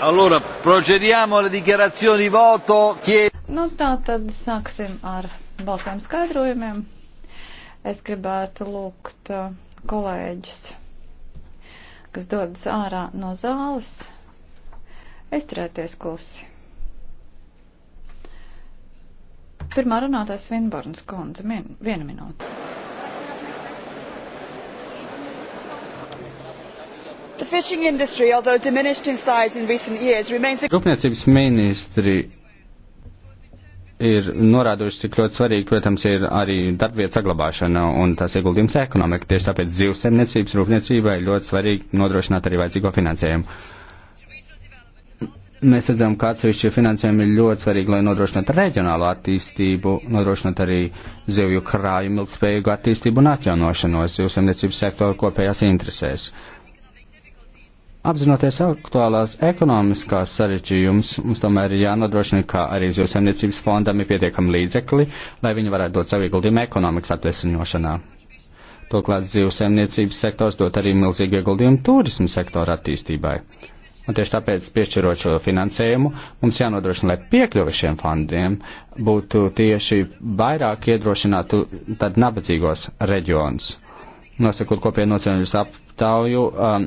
Allora, procediamo alle dichiarazioni di voto. Chied... Nu, tā tad sāksim ar balsām skaidrojumiem. Es gribētu lūgt uh, kolēģus, kas dodas ārā no zāles, izturēties klusi. Pirmā runātājs Vinborns kundze, viena minūte. industry, years, remains... Rūpniecības ministri ir norāduši, cik ļoti svarīgi, protams, ir arī darbvietas saglabāšana un tās ieguldījums ekonomika. Tieši tāpēc zivsemniecības rūpniecībai ļoti svarīgi nodrošināt arī vajadzīgo finansējumu. Mēs redzam, ka atsevišķi finansējumi ir ļoti svarīgi, lai nodrošinātu reģionālo attīstību, nodrošinātu arī zivju krājumu ilgspējīgu attīstību un atjaunošanos zivsemniecības sektoru kopējās interesēs. Apzinoties aktuālās ekonomiskās sarežģījumus, mums tomēr ir jānodrošina, ka arī zivsaimniecības fondam ir pietiekami līdzekļi, lai viņi varētu dot savu ieguldījumu ekonomikas atvesiņošanā. Turklāt zivsaimniecības sektors dot arī milzīgu ieguldījumu turismu sektora attīstībai. Un tieši tāpēc, piešķirot šo finansējumu, mums jānodrošina, lai piekļuve šiem fondiem būtu tieši vairāk iedrošinātu tad nabadzīgos reģionus. Nosakot kopienu nacionāļus ap aptauju um,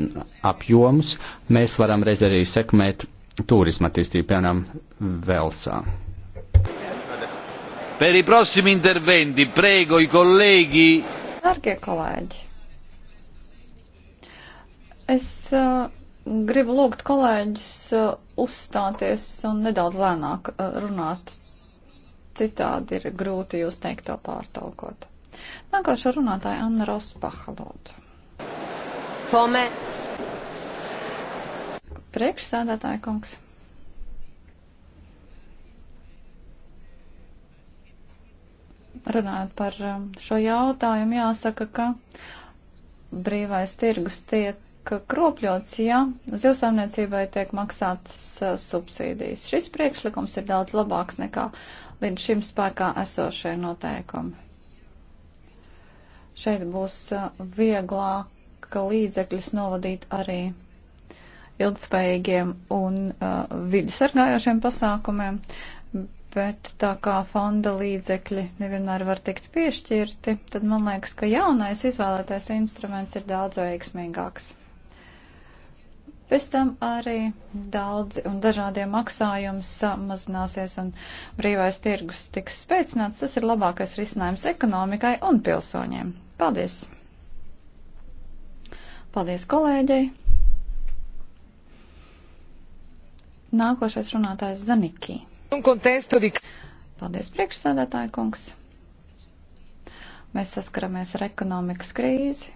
apjomus, mēs varam reiz arī sekmēt turisma attīstību, piemēram, Velsā. Per i prossimi interventi prego i colleghi. Dargie kolēģi, es uh, gribu lūgt kolēģus uh, uzstāties un nedaudz lēnāk uh, runāt. Citādi ir grūti jūs teikto pārtolkot. Nākošā runātāja Anna Rospaha lūdzu. Fome. Priekšsādātāja kungs. Runājot par um, šo jautājumu, jāsaka, ka brīvais tirgus tiek kropļots, ja zivsaimniecībai tiek maksātas uh, subsīdijas. Šis priekšlikums ir daudz labāks nekā līdz šim spēkā esošie noteikumi. Šeit būs uh, vieglāk ka līdzekļus novadīt arī ilgspējīgiem un uh, vidi sargājošiem pasākumiem, bet tā kā fonda līdzekļi nevienmēr var tikt piešķirti, tad man liekas, ka jaunais izvēlētais instruments ir daudz veiksmīgāks. Pēc tam arī daudzi un dažādie maksājumi samazināsies un brīvais tirgus tiks spēcināts. Tas ir labākais risinājums ekonomikai un pilsoņiem. Paldies! Paldies kolēģei. Nākošais runātājs Zanikī. Paldies priekšsēdētāji kungs. Mēs saskaramies ar ekonomikas krīzi.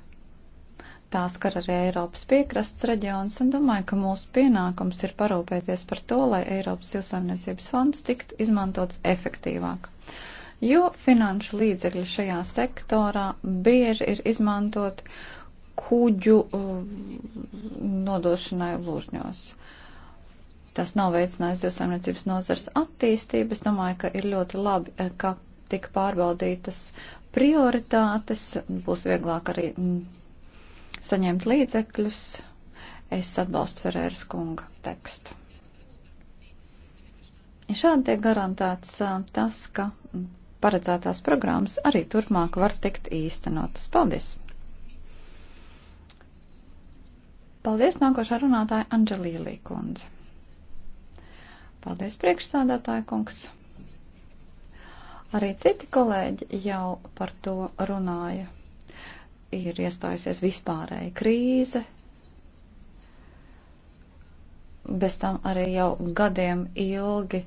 Tā skar arī Eiropas piekrasts reģions un domāju, ka mūsu pienākums ir parūpēties par to, lai Eiropas jūsaimniecības fonds tiktu izmantots efektīvāk jo finanšu līdzekļi šajā sektorā bieži ir izmantoti kuģu um, nodošanai lūžņos. Tas nav veicinājis zivsaimniecības nozars attīstību. Es domāju, ka ir ļoti labi, eh, ka tika pārbaudītas prioritātes, būs vieglāk arī mm, saņemt līdzekļus. Es atbalstu Ferēras kunga tekstu. Šādi tiek garantēts eh, tas, ka mm, paredzētās programmas arī turpmāk var tikt īstenotas. Paldies! Paldies nākošā runātāja Anģelīlī kundze. Paldies priekšsādātāja kungs. Arī citi kolēģi jau par to runāja. Ir iestājusies vispārēja krīze. Bez tam arī jau gadiem ilgi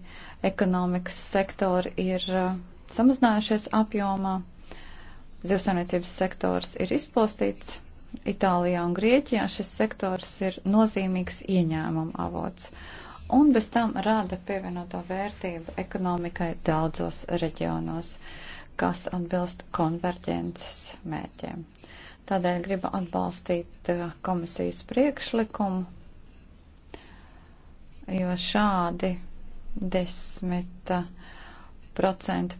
ekonomikas sektori ir uh, samazinājušies apjomā. Zivsaimniecības sektors ir izpostīts Itālijā un Grieķijā šis sektors ir nozīmīgs ieņēmuma avots un bez tam rāda pievienoto vērtību ekonomikai daudzos reģionos, kas atbilst konverģences mērķiem. Tādēļ gribu atbalstīt eh, komisijas priekšlikumu, jo šādi 10% eh,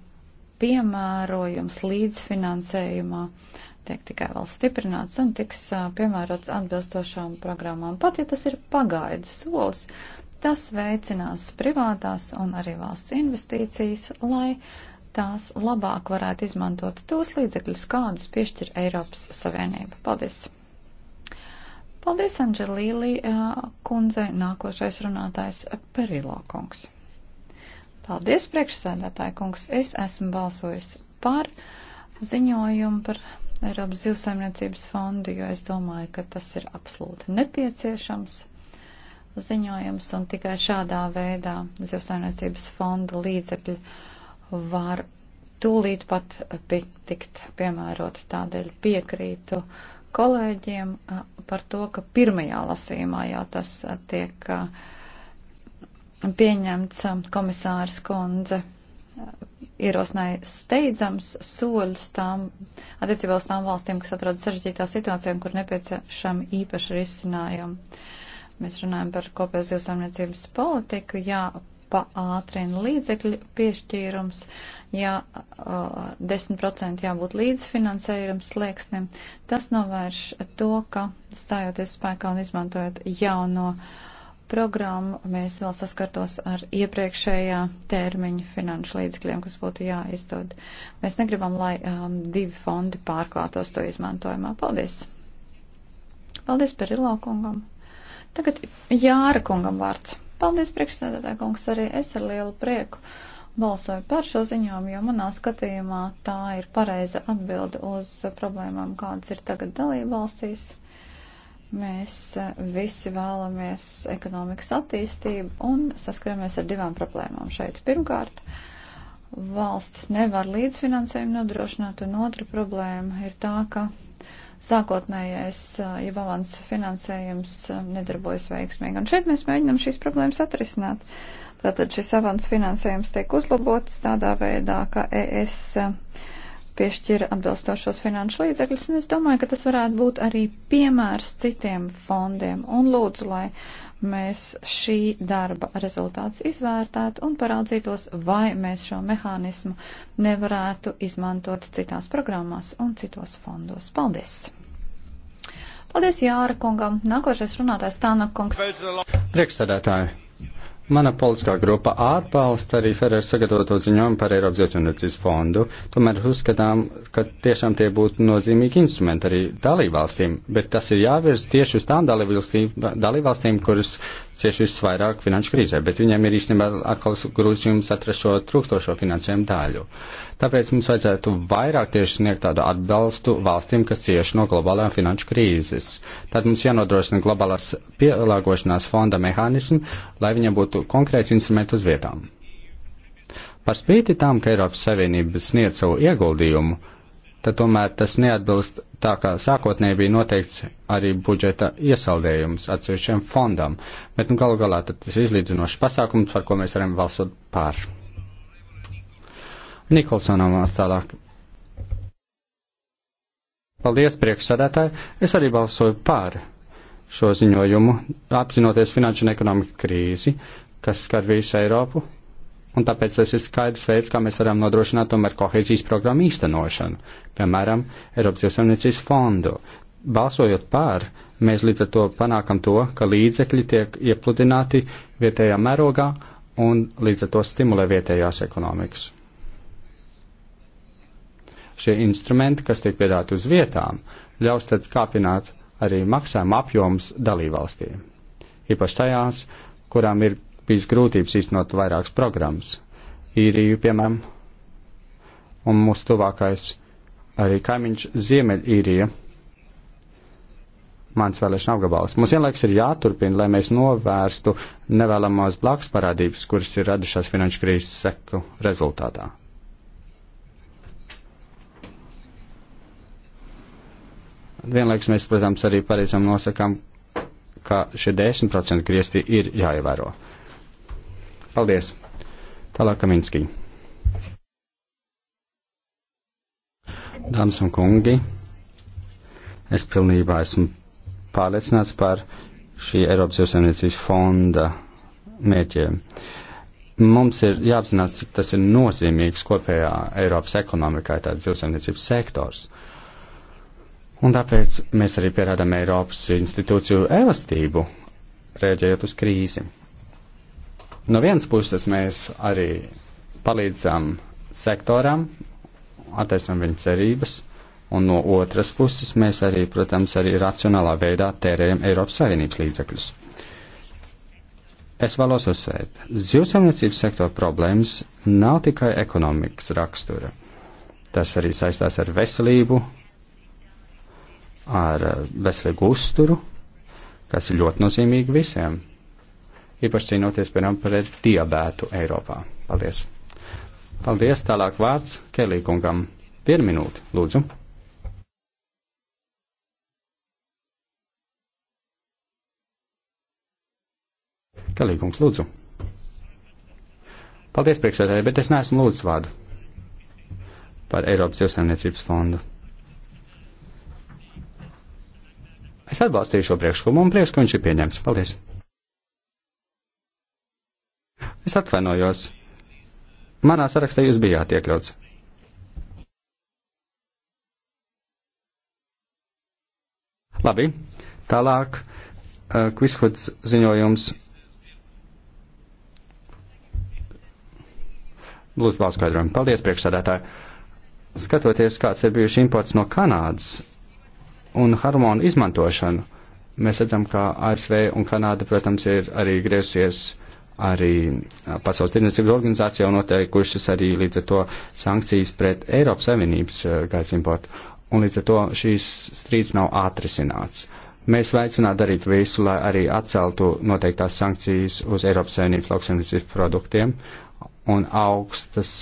piemērojums līdzfinansējumā uh, tiek tikai vēl stiprināts un tiks piemērots atbilstošām programmām. Pat ja tas ir pagaidu solis, tas veicinās privātās un arī valsts investīcijas, lai tās labāk varētu izmantot tos līdzekļus, kādus piešķir Eiropas Savienība. Paldies! Paldies, Anģelīlī kundze, nākošais runātājs Perilo kungs. Paldies, priekšsēdētāji kungs, es esmu balsojis par ziņojumu par Eiropas zivsaimniecības fondu, jo es domāju, ka tas ir absolūti nepieciešams ziņojums un tikai šādā veidā zivsaimniecības fonda līdzekļi var tūlīt pat tikt piemērot. Tādēļ piekrītu kolēģiem par to, ka pirmajā lasījumā jau tas tiek pieņemts komisārs kundze ierosināja steidzams soļus tām attiecībā uz tām valstīm, kas atrodas sarežģītā situācijā, kur nepieciešami īpaši risinājumi. Mēs runājam par kopējo zivsaimniecības politiku, jā, paātrina līdzekļu piešķīrums, jā, 10% jābūt līdzfinansējums slieksnim. Tas novērš to, ka stājoties spēkā un izmantojot jauno. Uh, programmu, mēs vēl saskartos ar iepriekšējā termiņa finanšu līdzekļiem, kas būtu jāizdod. Mēs negribam, lai um, divi fondi pārklātos to izmantojumā. Paldies! Paldies par Ilo kungam! Tagad Jāra kungam vārds. Paldies, priekšstādātāja kungs, arī es ar lielu prieku balsoju par šo ziņojumu, jo manā skatījumā tā ir pareiza atbilde uz problēmām, kādas ir tagad dalība valstīs Mēs eh, visi vēlamies ekonomikas attīstību un saskaramies ar divām problēmām šeit. Pirmkārt, valsts nevar līdzfinansējumu nodrošināt, un otra problēma ir tā, ka sākotnējais, eh, ja avans finansējums eh, nedarbojas veiksmīgi. Un šeit mēs mēģinam šīs problēmas atrisināt. Tātad šis avans finansējums tiek uzlabots tādā veidā, ka ES piešķira atbilstošos finanšu līdzekļus, un es domāju, ka tas varētu būt arī piemērs citiem fondiem. Un lūdzu, lai mēs šī darba rezultāts izvērtētu un paraudzītos, vai mēs šo mehānismu nevarētu izmantot citās programmās un citos fondos. Paldies! Paldies Jāra kungam. Nākošais runātājs Tāna kungs. Priekšsēdētāji. Mana politiskā grupa atbalsta arī Ferreira sagatavoto ziņojumu par Eiropas Zietunerģijas fondu. Tomēr uzskatām, ka tiešām tie būtu nozīmīgi instrumenti arī dalībvalstīm, bet tas ir jāvirz tieši uz tām dalībvalstīm, dalībvalstīm kuras cieši visvairāk finanšu krīzē, bet viņiem ir īstenībā atkal grūzījums atrast šo trūkstošo finansējumu daļu. Tāpēc mums vajadzētu vairāk tieši sniegt tādu atbalstu valstīm, kas cieši no globālajām finanšu krīzes. Tad mums jānodrošina globālās pielāgošanās fonda mehānismi, lai viņiem būtu konkrēti instrumenti uz vietām. Par spīti tam, ka Eiropas Savienība sniedz savu ieguldījumu, tad tomēr tas neatbilst tā, kā sākotnēji bija noteikts arī budžeta iesaldējums atsevišķiem fondam. Bet, nu, galu galā tad tas ir izlīdzinošs pasākums, par ko mēs varam valsot pār. Nikolsonam tālāk. Paldies, priekšsēdētāji. Es arī balsoju pār šo ziņojumu, apzinoties finanšu un ekonomiku krīzi, kas skar visu Eiropu un tāpēc tas ir skaidrs veids, kā mēs varam nodrošināt tomēr kohēzijas programmu īstenošanu, piemēram, Eiropas Jūsaimniecības fondu. Balsojot pār, mēs līdz ar to panākam to, ka līdzekļi tiek iepludināti vietējā mērogā un līdz ar to stimulē vietējās ekonomikas. Šie instrumenti, kas tiek piedāti uz vietām, ļaus tad kāpināt arī maksājuma apjoms dalībvalstī. Īpaši tajās, kurām ir bijis grūtības īstenot vairākas programmas. Īriju, piemēram, un mūsu tuvākais arī kaimiņš Ziemeļīrija, mans vēlēšana apgabals. Mums vienlaiks ir jāturpina, lai mēs novērstu nevēlamās blakus parādības, kuras ir radušās finanšu krīzes seku rezultātā. Vienlaiks mēs, protams, arī pareizam nosakām, ka šie 10% griezti ir jāievēro. Paldies! Tālāk Kaminskī. Dāmas un kungi, es pilnībā esmu pārliecināts par šī Eiropas Savienības fonda mērķiem. Mums ir jāapzinās, cik tas ir nozīmīgs kopējā Eiropas ekonomikai, tāds dzīvesaimniecības sektors. Un tāpēc mēs arī pierādām Eiropas institūciju elastību, rēģējot uz krīzi. No vienas puses mēs arī palīdzam sektoram, attaisnam viņu cerības, un no otras puses mēs arī, protams, arī racionālā veidā tērējam Eiropas Savienības līdzekļus. Es vēlos uzsvērt, zivsaimniecības sektora problēmas nav tikai ekonomikas rakstura. Tas arī saistās ar veselību, ar eh, veselīgu uzturu, kas ir ļoti nozīmīgi visiem īpaši cīnoties, piemēram, pret diabētu Eiropā. Paldies! Paldies! Tālāk vārds Kelīkungam. Vienu minūti, lūdzu. Kalīgums, lūdzu. Paldies, priekšsēdētāji, bet es neesmu lūdzu vārdu par Eiropas Jūsaimniecības fondu. Es atbalstīju šo priekšlikumu un prieks, ka viņš ir pieņemts. Paldies! Es atvainojos. Manā sarakstā jūs bijāt iekļauts. Labi, tālāk uh, Kvishuds ziņojums. Lūdzu, pārskaidrojumu. Paldies, priekšsādātāji. Skatoties, kāds ir bijuši imports no Kanādas un harmonu izmantošanu, mēs redzam, ka ASV un Kanāda, protams, ir arī griezusies uh, arī Pasaules tirdzniecības organizācija jau noteikušas arī līdz ar to sankcijas pret Eiropas Savienības gaisa importu. Un līdz ar to šīs strīds nav atrisināts. Mēs veicinātu darīt visu, lai arī atceltu noteiktās sankcijas uz Eiropas Savienības lauksaimniecības produktiem un augstas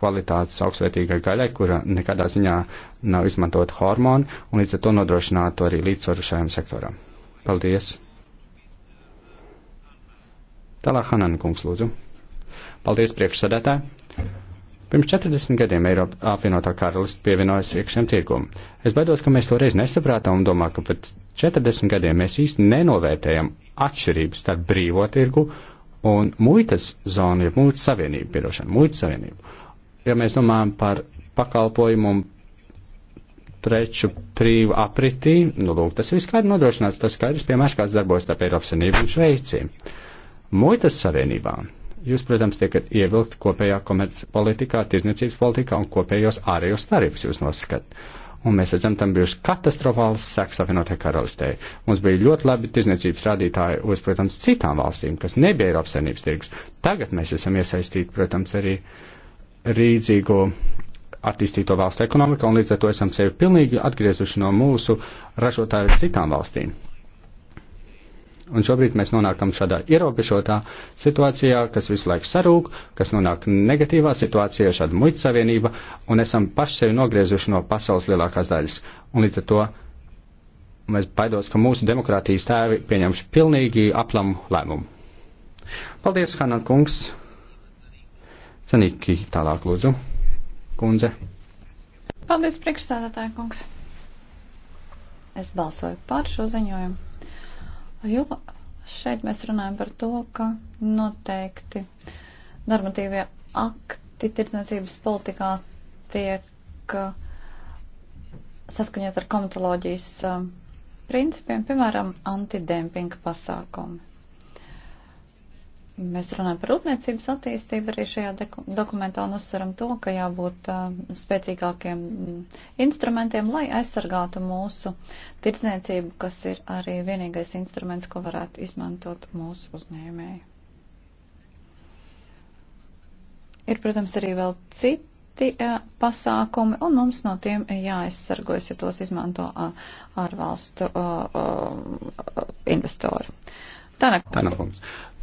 kvalitātes augstvērtīgai gaļai, kura nekādā ziņā nav izmantota hormoni, un līdz ar to nodrošinātu arī līdzsvaru šajam sektoram. Paldies! Tālāk Hanan kungs lūdzu. Paldies priekšsēdētāji. Pirms 40 gadiem Eiropa apvienotā karalists pievienojas iekšējiem tirgumam. Es baidos, ka mēs toreiz nesaprātām un domā, ka pēc 40 gadiem mēs īsti nenovērtējam atšķirības starp brīvo tirgu un muitas zonu, ja muitas savienību, piedošana, muitas savienību. Ja mēs domājam par pakalpojumu un preču brīvu apritī, nu lūk, tas viss kādi nodrošināts, tas skaidrs piemērs, kāds darbos starp Eiropas Savienību un Šveici. Uh, Muitas savienībā jūs, protams, tiekat ievilkt kopējā komerces politikā, tirzniecības politikā un kopējos ārējos tarifus jūs nosakat. Un mēs redzam, tam bijuši katastrofāls seks apvienotajai karalistē. Mums bija ļoti labi tirzniecības rādītāji uz, protams, citām valstīm, kas nebija Eiropas savienības tirgus. Tagad mēs esam iesaistīti, protams, arī rīdzīgo attīstīto valstu ekonomiku, un līdz ar to esam sevi pilnīgi atgriezuši no mūsu ražotāju citām valstīm. Un šobrīd mēs nonākam šādā ierobežotā situācijā, kas visu laiku sarūk, kas nonāk negatīvā situācijā, šāda muitas savienība, un esam paši sevi nogriezuši no pasaules lielākās daļas. Un līdz ar to mēs baidos, ka mūsu demokrātijas tēvi pieņemš pilnīgi aplamu lēmumu. Paldies, Hanan kungs! Cenīgi tālāk lūdzu, kundze. Paldies, priekšsēdētāja kungs! Es balsoju par šo ziņojumu Jo šeit mēs runājam par to, ka noteikti normatīvie akti tirdzniecības politikā tiek uh, saskaņot ar komitoloģijas uh, principiem, piemēram, antidempinga pasākumi. Mēs runājam par rūpniecības attīstību arī šajā dokumentā un uzsveram to, ka jābūt uh, spēcīgākiem mm, instrumentiem, lai aizsargātu mūsu tirdzniecību, kas ir arī vienīgais instruments, ko varētu izmantot mūsu uzņēmēji. Ir, protams, arī vēl citi uh, pasākumi, un mums no tiem jāaizsargojas, ja tos izmanto uh, ārvalstu uh, uh, investori. Uh, Tanakums.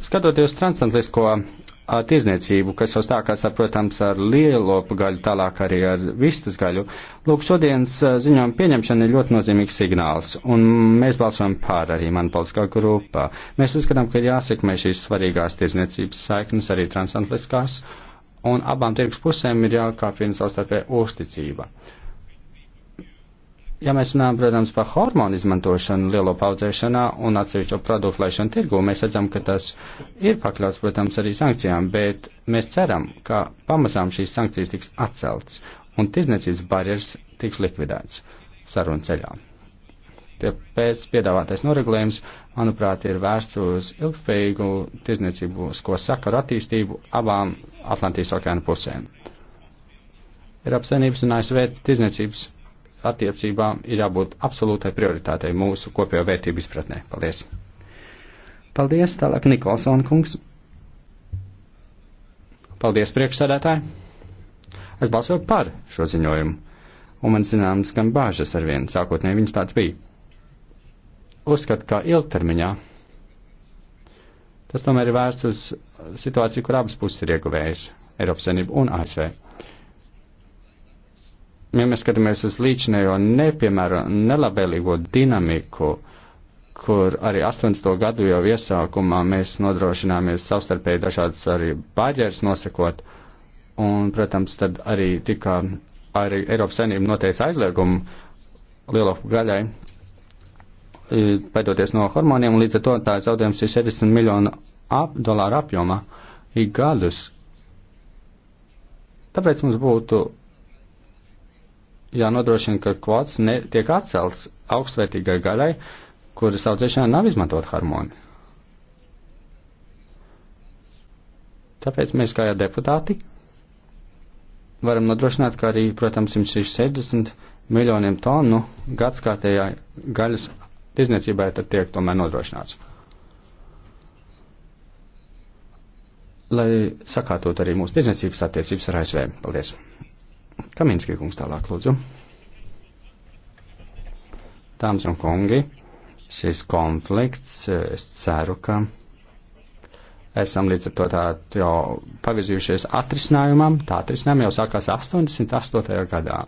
Skatoties transatlantisko tirzniecību, kas jau stākās, ar, protams, ar lielopu gaļu, tālāk arī ar vistas gaļu. Lūk, šodienas ziņojuma pieņemšana ir ļoti nozīmīgs signāls, un mēs balsojam pār arī man politiskā grupā. Mēs uzskatām, ka ir jāsekmē šīs svarīgās tirzniecības saiknes, arī transatlantiskās, un abām tirgus pusēm ir jākāpina savstarpēja uzticība. Ja mēs runājam, protams, par hormonu izmantošanu lielo paudzēšanā un atsevišķo produktu laišanu tirgu, mēs redzam, ka tas ir pakļauts, protams, arī sankcijām, bet mēs ceram, ka pamazām šīs sankcijas tiks atceltas un tirdzniecības barjeras tiks likvidēts sarunu ceļā. Tāpēc piedāvātais noregulējums, manuprāt, ir vērsts uz ilgspējīgu tirdzniecību sakaru attīstību abām Atlantijas okeāna pusēm. Ir apsainības un ASV tirdzniecības attiecībām ir jābūt absolūtai prioritātei mūsu kopējo vērtību izpratnē. Paldies! Paldies, tālāk Nikolson kungs. Paldies, priekšsēdētāji. Es balsoju par šo ziņojumu, un man zināms, gan bāžas ar vienu sākotnēji viņš tāds bija. Uzskat, ka ilgtermiņā tas tomēr ir vērsts uz situāciju, kur abas puses ir ieguvējis - Eiropas Savienība un ASV ja mēs skatāmies uz līdzinējo nepiemēru nelabēlīgo dinamiku, kur arī 80. gadu jau iesākumā mēs nodrošināmies savstarpēji dažādas arī barjeras nosakot, un, protams, tad arī tika arī Eiropas saimnība noteica aizliegumu lielāku gaļai, e, paidoties no hormoniem, un līdz ar to tā zaudējums ir 60 miljonu ap, dolāru apjomā ik gadus. Tāpēc mums būtu jānodrošina, ka kvots netiek atcelts augstvērtīgai gaļai, kuras audzēšanā nav izmantot harmoni. Tāpēc mēs kā deputāti varam nodrošināt, ka arī, protams, 160 miljoniem tonu gadskārtējā gaļas izniecībai tad tiek tomēr nodrošināts. Lai sakārtot arī mūsu tirdzniecības attiecības ar ASV. Paldies! Kaminskie kungs tālāk lūdzu. Dāmas un kungi, šis konflikts, es ceru, ka esam līdz ar to tā jau pavirzījušies atrisinājumam. Tā atrisinājuma jau sākās 88. gadā.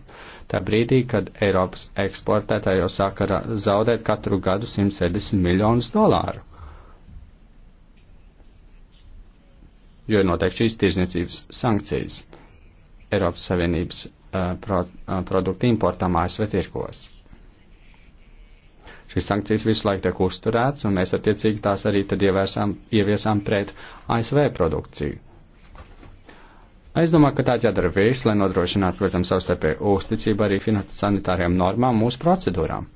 Tā brīdī, kad Eiropas eksportētāji jau sāka zaudēt katru gadu 170 miljonus dolāru. Jo ir noteikti šīs tirzniecības sankcijas. Eiropas Savienības uh, pro, uh, produktu importam ASV tirkos. Šīs sankcijas visu laiku tiek uzturēts, un mēs attiecīgi tās arī tad ievērsām, ieviesām pret ASV produkciju. Es domāju, ka tā jādara viss, lai nodrošinātu, protams, savstarpēju uzticību arī sanitāriem normām mūsu procedūrām.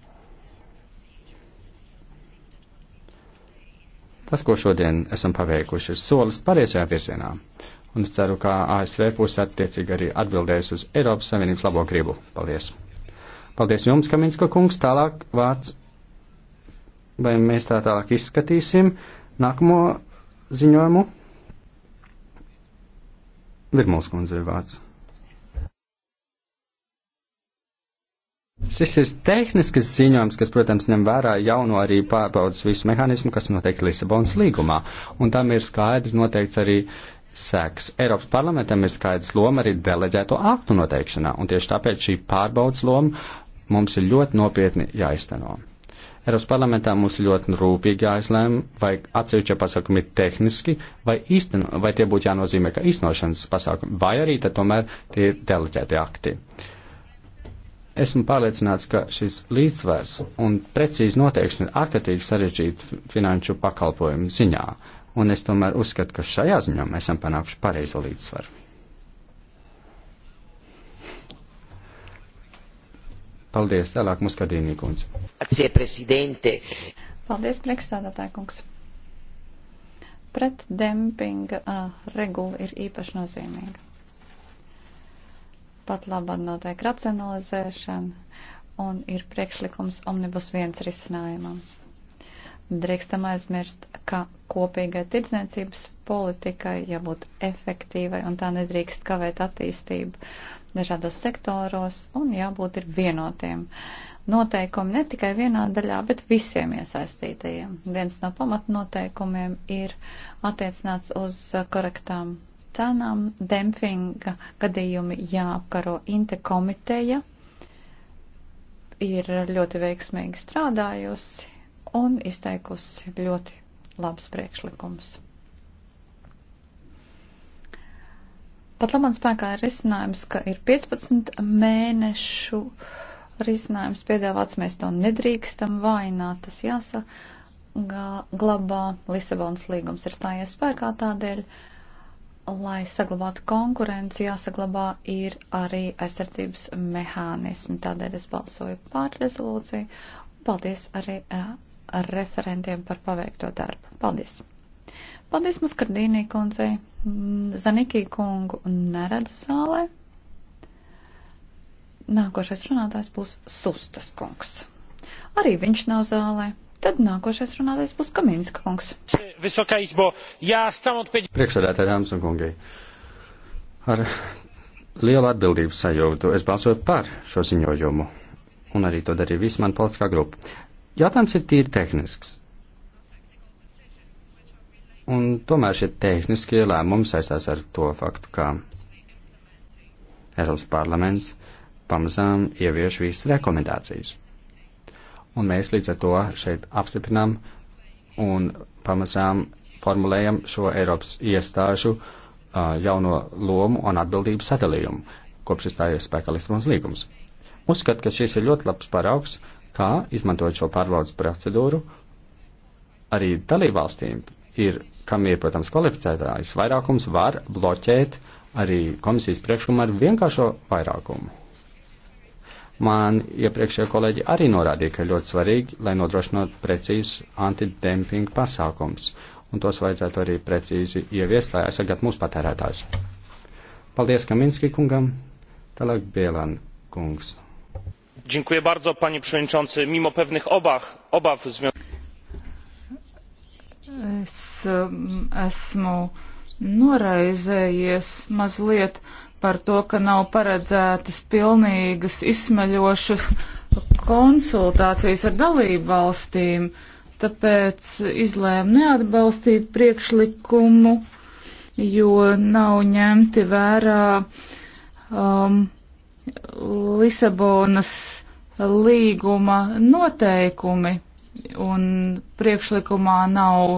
Tas, ko šodien esam paveikuši, ir solis pareizajā virzienā. Uh, un es ceru, ka ASV puse attiecīgi arī atbildēs uz Eiropas Savienības labo gribu. Paldies! Paldies jums, Kaminska kungs, tālāk vārds, vai mēs tā tālāk izskatīsim nākamo ziņojumu. Virmuls kundze ir vārds. Šis ir tehnisks ziņojums, kas, protams, ņem vērā jauno arī pārbaudas visu mehānismu, kas noteikti Lisabonas līgumā. Un tam ir skaidri noteikts arī uh, sekas. Eiropas parlamentam ir skaidrs loma arī deleģēto aktu noteikšanā, un tieši tāpēc šī pārbaudas loma mums ir ļoti nopietni jāizteno. Eiropas parlamentā mums ir ļoti rūpīgi jāizlēm, vai atsevišķie pasākumi ir tehniski, vai, īsteno, vai tie būtu jānozīmē kā īstenošanas pasākumi, vai arī tad tomēr tie ir deleģēti akti. Esmu pārliecināts, ka šis līdzsvars un precīzi noteikšana ir ārkārtīgi sarežģīta finanšu pakalpojumu ziņā, un es tomēr uzskatu, ka šajā ziņā mēs esam panākuši pareizo līdzsvaru. Paldies, tālāk Muskadīnī kundze. Atsie prezidente. Paldies, priekšstādātāja kungs. Pret dempinga uh, regula ir īpaši nozīmīga. Pat labāk notiek racionalizēšana un ir priekšlikums omnibus viens risinājumam. Drīkstam aizmirst, ka kopīgai tirdzniecības politikai jābūt efektīvai un tā nedrīkst kavēt attīstību dažādos sektoros un jābūt ir vienotiem. Noteikumi ne tikai vienā daļā, bet visiem iesaistītajiem. Viens no pamatnoteikumiem ir attiecināts uz korektām cenām. Dempinga gadījumi jāapkaro interkomiteja. Ir ļoti veiksmīgi strādājusi un izteikusi ļoti labus priekšlikumus. Pat labam spēkā ir risinājums, ka ir 15 mēnešu risinājums piedāvāts, mēs to nedrīkstam vaināt, tas jāsaglabā. Lisabonas līgums ir stājies spēkā tādēļ, lai saglabātu konkurenci, jāsaglabā ir arī aizsardzības mehānismi. Tādēļ es balsoju pār rezolūciju. Paldies arī eh, referentiem par paveikto darbu. Paldies! Paldies Muskardīnī kundzei, mm, Zanikī kungu neredzu zālē. Nākošais runātājs būs Sustas kungs. Arī viņš nav zālē. Tad nākošais runātājs būs Kaminska kungs. Priekšsēdētāji, dāmas un kungi, ar lielu atbildības sajūtu es balsoju par šo ziņojumu, un arī to darīja visa mana politiskā grupa. Jautājums ir tīri tehnisks. Un tomēr šie tehniskie lēmumi saistās ar to faktu, ka Eiropas parlaments pamazām ievieš visas rekomendācijas. Un mēs līdz ar to šeit apstiprinām un pamazām formulējam šo Eiropas iestāžu uh, jauno lomu un atbildību sadalījumu, kopš izstājies spēkā Lisabonas līgums. Uzskat, ka šis ir ļoti labs paraugs, kā izmantojot šo pārbaudas procedūru, arī dalībvalstīm ir, kam ir, protams, kvalificētājs vairākums, var bloķēt arī komisijas priekšlikumu ar vienkāršo vairākumu. Man iepriekšējie kolēģi arī norādīja, ka ļoti svarīgi, lai nodrošinātu precīzus antidempinga pasākums, un tos vajadzētu arī precīzi ieviest, lai aizsargātu mūsu patērētājs. Paldies Kaminski kungam, tālāk Bielan kungs panie przewodniczący! mimo pewnych obaw es mm, esmu noraizējies mazliet par to, ka nav paredzētas pilnīgas izsmeļošas konsultācijas ar dalību valstīm, tāpēc izlēmu neatbalstīt priekšlikumu, jo nav ņemti vērā um, Lisabonas līguma noteikumi un priekšlikumā nav,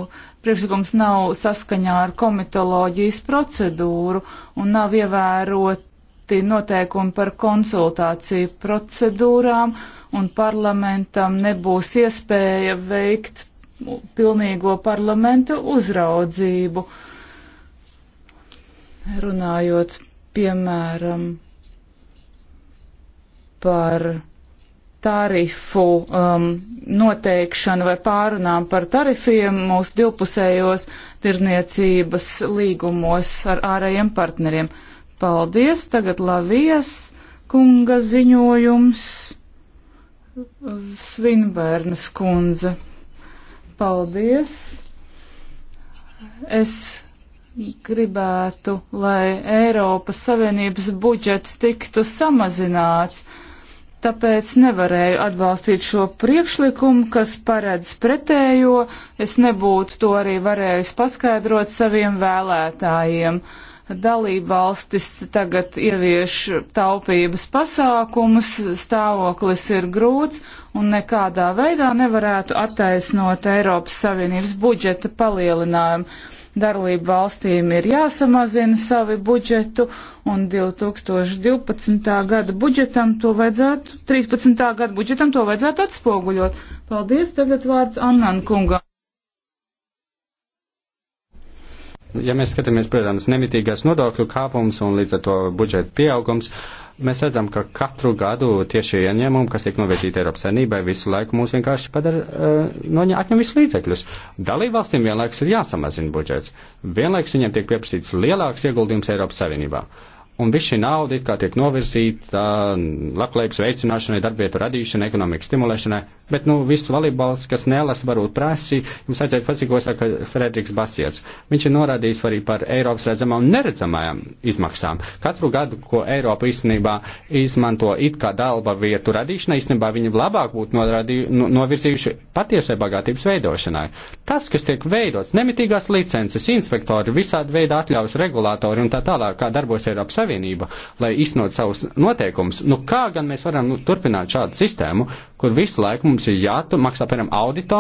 priekšlikums nav saskaņā ar komitoloģijas procedūru un nav ievēroti noteikumi par konsultāciju procedūrām un parlamentam nebūs iespēja veikt pilnīgo parlamentu uzraudzību. Runājot, piemēram, par tarifu um, noteikšanu vai pārunām par tarifiem mūsu divpusējos tirzniecības līgumos ar ārējiem partneriem. Paldies! Tagad Lavijas kunga ziņojums Svinbērnas kundze. Paldies! Es gribētu, lai Eiropas Savienības budžets tiktu samazināts tāpēc nevarēju atbalstīt šo priekšlikumu, kas paredz pretējo. Es nebūtu to arī varējis paskaidrot saviem vēlētājiem. Dalībvalstis tagad ievieš taupības pasākumus, stāvoklis ir grūts un nekādā veidā nevarētu attaisnot Eiropas Savienības budžeta palielinājumu. Darlību valstīm ir jāsamazina savi budžetu, un 2012. gada budžetam to vajadzētu, 13. gada budžetam to vajadzētu atspoguļot. Paldies, tagad vārds Annan kungam. Ja mēs skatāmies, protams, nemitīgās nodokļu kāpums un līdz ar to budžeta pieaugums, uh, Mēs redzam, ka katru gadu tieši ieņēmumi, kas tiek novirzīti Eiropas saimnībai, visu laiku mūs vienkārši padara, uh, eh, noņa, atņem visu līdzekļus. Dalībvalstīm vienlaikus ir jāsamazina budžets. Vienlaikus viņiem tiek pieprasīts lielāks ieguldījums Eiropas Savienībā. Un viss šī nauda it kā tiek novirzīta uh, labklājības veicināšanai, darbvietu radīšanai, ekonomikas stimulēšanai, Bet, nu, viss valībals, kas nelasa varbūt prasi, jums vajadzētu pasīk, ko saka Frederiks Basiets. Viņš ir norādījis arī par Eiropas redzamām un neredzamajām izmaksām. Katru gadu, ko Eiropa īstenībā izmanto it kā dalba vietu radīšanai, īstenībā viņi labāk būtu norādī, no, nu, novirzījuši patiesai bagātības veidošanai. Tas, kas tiek veidots, nemitīgās licences, inspektori, visādi veidi atļaus regulātori un tā tālāk, kā darbojas Eiropas Savienība, lai iznot savus noteikumus. Nu, kā gan mēs varam nu, turpināt šādu sistēmu? kur visu laiku mums ir jāmaksā, piemēram, audito,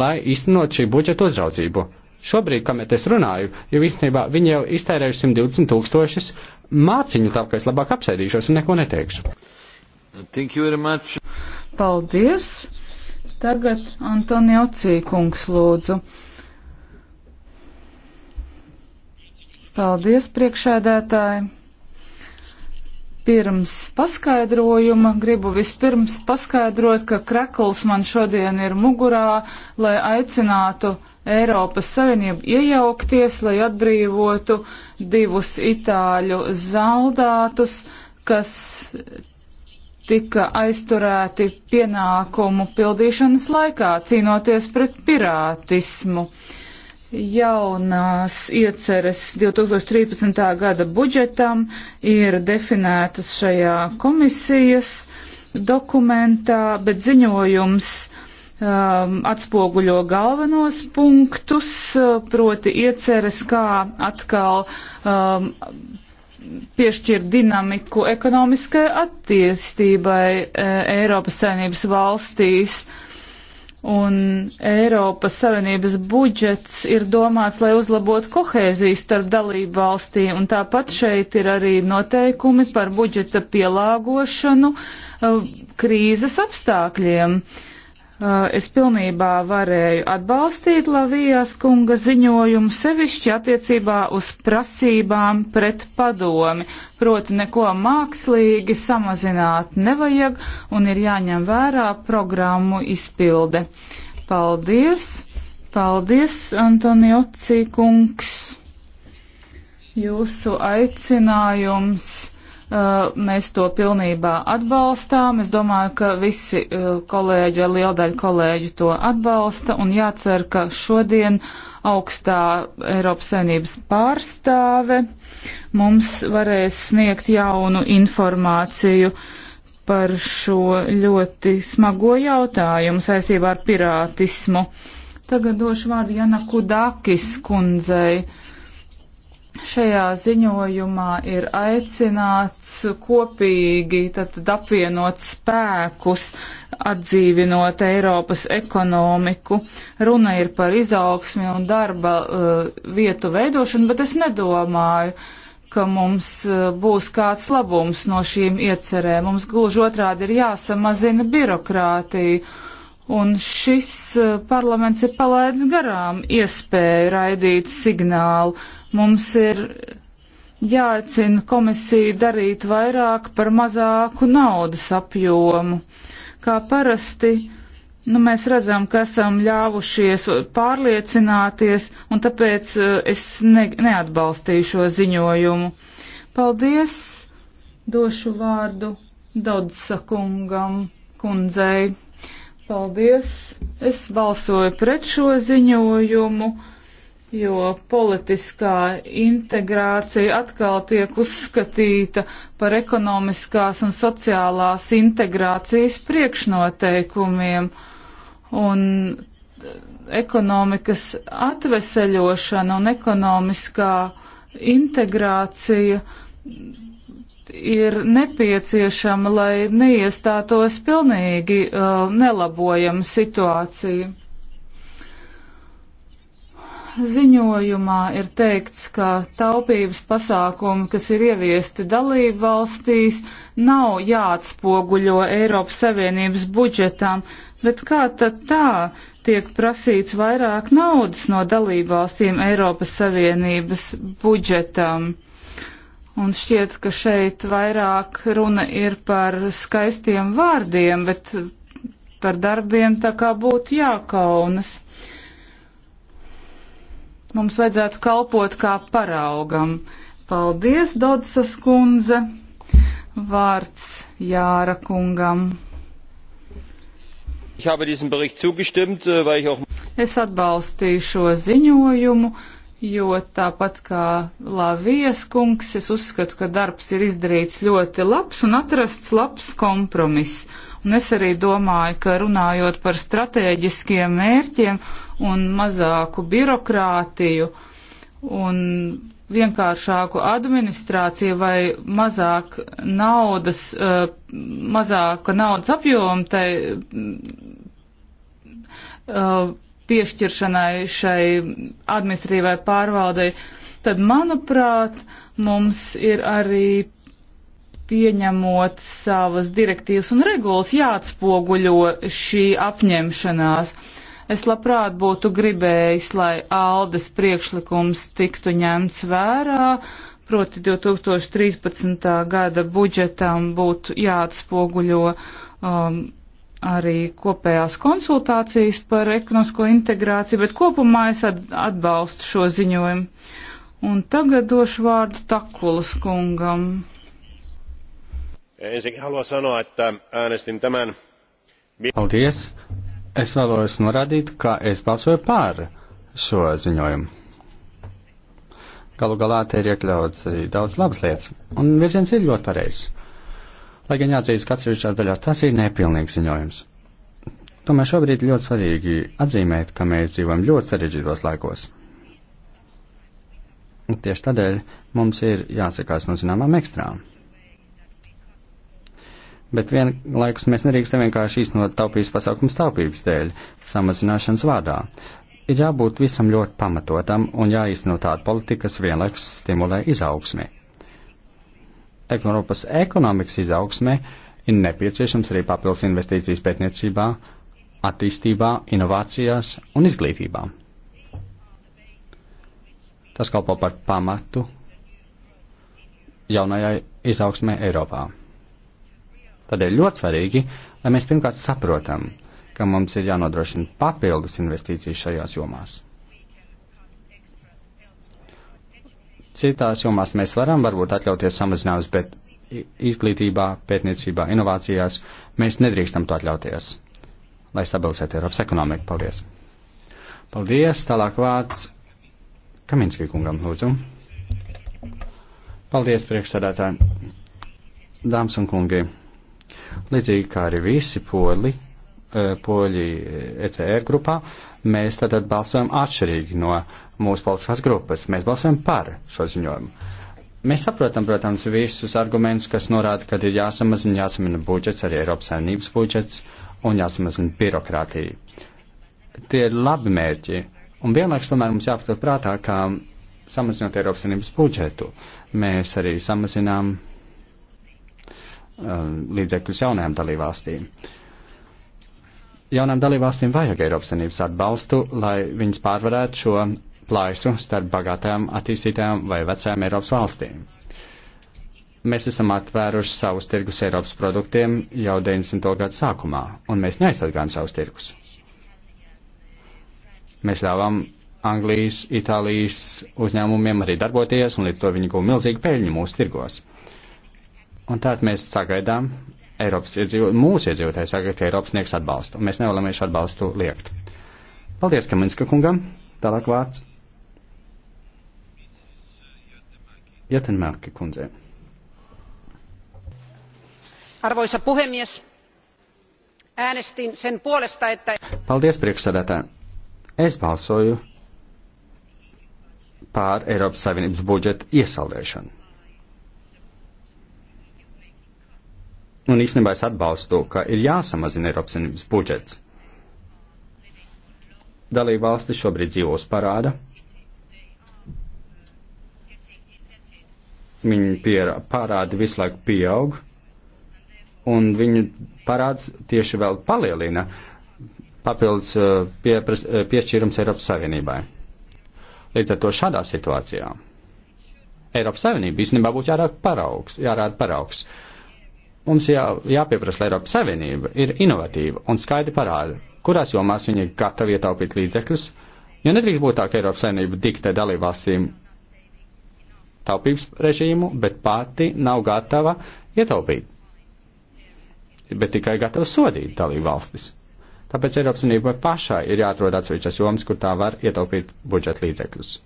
lai īstenot šī budžeta uzraudzību. Šobrīd, kamēr es runāju, jau īstenībā viņi jau iztērējuši 120 tūkstošus māciņu, tā ka es labāk apsēdīšos un neko neteikšu. Thank you very much. Paldies. Tagad Antoni Ocīkungs lūdzu. Paldies, priekšēdētāji. Pirms paskaidrojuma gribu vispirms paskaidrot, ka krekls man šodien ir mugurā, lai aicinātu Eiropas Savienību iejaukties, lai atbrīvotu divus itāļu zaldātus, kas tika aizturēti pienākumu pildīšanas laikā, cīnoties pret pirātismu. Uh, jaunās ieceres 2013. gada budžetam ir definētas šajā komisijas dokumentā, bet ziņojums um, atspoguļo galvenos punktus, uh, proti ieceres, kā atkal um, piešķirt dinamiku ekonomiskai attīstībai e, Eiropas saimnības valstīs. Uh, Un Eiropas Savienības budžets ir domāts, lai uzlabotu kohēziju starp dalību valstīm, un tāpat šeit ir arī noteikumi par budžeta pielāgošanu uh, krīzes apstākļiem. Uh, Uh, es pilnībā varēju atbalstīt Lavijas kunga ziņojumu sevišķi attiecībā uz prasībām pret padomi. Proti neko mākslīgi samazināt nevajag un ir jāņem vērā programmu izpilde. Paldies! Paldies, Antonio Cīkungs! Jūsu aicinājums Uh, mēs to pilnībā atbalstām. Es domāju, ka visi uh, kolēģi vai liela daļa kolēģi to atbalsta un jācer, ka šodien augstā Eiropas saimnības pārstāve mums varēs sniegt jaunu informāciju par šo ļoti smago jautājumu saistībā ar pirātismu. Tagad došu vārdu Jana Kudakis kundzei. Uh, Šajā ziņojumā ir aicināts kopīgi tad apvienot spēkus, atdzīvinot Eiropas ekonomiku. Runa ir par izaugsmi un darba uh, vietu veidošanu, bet es nedomāju, ka mums uh, būs kāds labums no šīm iecerēm. Mums gluži otrādi ir jāsamazina birokrātija Un šis eh, parlaments ir palaidis garām iespēju raidīt signālu. Mums ir jāicina komisija darīt vairāk par mazāku naudas apjomu. Kā parasti, nu, mēs redzam, ka esam ļāvušies pārliecināties, un tāpēc eh, es ne, neatbalstīju šo ziņojumu. Paldies! Došu vārdu Dodsakungam, kundzei. Paldies! Es balsoju pret šo ziņojumu, jo politiskā integrācija atkal tiek uzskatīta par ekonomiskās un sociālās integrācijas priekšnoteikumiem. Un ekonomikas atveseļošana un ekonomiskā integrācija ir nepieciešama, lai neiestātos pilnīgi uh, nelabojama situācija. Ziņojumā ir teikts, ka taupības pasākumi, kas ir ieviesti dalību valstīs, nav jāatspoguļo Eiropas Savienības budžetam, bet kā tad tā tiek prasīts vairāk naudas no dalību valstīm Eiropas Savienības budžetam? Uh, Un šķiet, ka šeit vairāk runa ir par skaistiem vārdiem, bet par darbiem tā kā būtu jākaunas. Mums vajadzētu kalpot kā paraugam. Paldies, Dodsas kundze! Vārds Jāra kungam. Äh, es atbalstīju šo ziņojumu jo tāpat kā Lavijas kungs, es uzskatu, ka darbs ir izdarīts ļoti labs un atrasts labs kompromiss. Un es arī domāju, ka runājot par strateģiskiem mērķiem un mazāku birokrātiju un vienkāršāku administrāciju vai mazāk naudas, eh, mazāka naudas apjoma, tai mm, eh, piešķiršanai šai administrīvai pārvaldei, tad, manuprāt, mums ir arī pieņemot savas direktīvas un regulas jāatspoguļo šī apņemšanās. Es labprāt būtu gribējis, lai Aldes priekšlikums tiktu ņemts vērā, proti 2013. gada budžetam būtu jāatspoguļo um, arī kopējās konsultācijas par ekonomisko integrāciju, bet kopumā es atbalstu šo ziņojumu. Un tagad došu vārdu Takulas kungam. Ensinnäkin haluan sanoa, että äänestin tämän... Paldies. Es vēlos norādīt, ka es balsoju pār šo ziņojumu. Galu galā te ir iekļauts daudz labas lietas, un virziens ir ļoti pareizs lai gan jāatzīst, ka atsevišķās daļās tas ir nepilnīgs ziņojums. Tomēr šobrīd ir ļoti svarīgi atzīmēt, ka mēs dzīvojam ļoti sarežģītos laikos. Un tieši tādēļ mums ir jāatsakās no zināmām ekstrām. Bet vienlaikus mēs nerīkstam vienkārši īstenot taupības pasākums taupības dēļ, samazināšanas vārdā. Ir jābūt visam ļoti pamatotam un jāīsteno tāda politika, kas vienlaikus stimulē izaugsmi. Eiropas ekonomikas izaugsmē ir nepieciešams arī papildus investīcijas pētniecībā, attīstībā, inovācijās un izglītībā. Tas kalpo par pamatu jaunajai izaugsmē Eiropā. Tādēļ ļoti svarīgi, lai mēs pirmkārt saprotam, ka mums ir jānodrošina papildus investīcijas šajās jomās. Citās jomās mēs varam varbūt atļauties samazinājumus, bet izglītībā, pētniecībā, inovācijās mēs nedrīkstam to atļauties, lai stabilizētu Eiropas ekonomiku. Paldies! Paldies! Tālāk vārds Kaminskī kungam, lūdzu. Paldies, priekšsēdētāji! Dāmas un kungi! Līdzīgi kā arī visi poli, poļi ECR eh, eh, e grupā, uh, Mēs tad balsojam atšķirīgi no mūsu politiskās grupas. Mēs balsojam par šo ziņojumu. Mēs saprotam, protams, visus argumentus, kas norāda, ka ir jāsamazina, jāsamazina budžets, arī Eiropas saimnības budžets un jāsamazina birokrātija. Tie ir labi mērķi, un vienlaiks tomēr mums jāpatur prātā, ka samazinot Eiropas saimnības budžetu, mēs arī samazinām um, līdzekļus jaunajām dalībvalstīm jaunām dalībvalstīm vajag Eiropas Savienības atbalstu, lai viņas pārvarētu šo plaisu starp bagātajām, attīstītajām vai vecajām Eiropas valstīm. Mēs esam atvēruši savus tirgus Eiropas produktiem jau 90. gadu sākumā, un mēs neaizsargājam savus tirgus. Mēs ļāvām Anglijas, Itālijas uzņēmumiem arī darboties, un līdz to viņi guva milzīgu peļņu mūsu tirgos. Un tātad mēs sagaidām Eiropas iedzīvot, mūsu iedzīvotāji saka, ka Eiropas sniegs atbalstu, un mēs nevēlamies atbalstu liekt. Paldies, Kaminska kungam. Tālāk vārds. Jätenmärki kundzei. Arvoisa puhemies, äänestin sen puolesta, että... Paldies, priekšsēdētāji. Es balsoju pār Eiropas Savienības budžeta iesaldēšanu. Un īstenībā es atbalstu, ka ir jāsamazina Eiropas Savienības budžets. Dalība valstis šobrīd dzīvo uz parāda. Viņi pier, parādi visu laiku pieaug, un viņu parāds tieši vēl palielina papildus uh, pie, uh, piešķīrums Eiropas Savienībai. Līdz ar to šādā situācijā Eiropas Savienība īstenībā būtu jārāk paraugs, jārāda paraugs. Uh, Mums jā, jāpieprasa, lai Eiropas Savienība ir inovatīva un skaidri parāda, kurās jomās viņi ir gatavi ietaupīt līdzekļus, jo nedrīkst būt tā, ka Eiropas Savienība diktē dalībvalstīm taupības režīmu, bet pati nav gatava ietaupīt, bet tikai gatava sodīt dalībvalstis. Tāpēc Eiropas Savienībai pašai ir jāatrod atsevišķas jomas, kur tā var ietaupīt budžeta līdzekļus.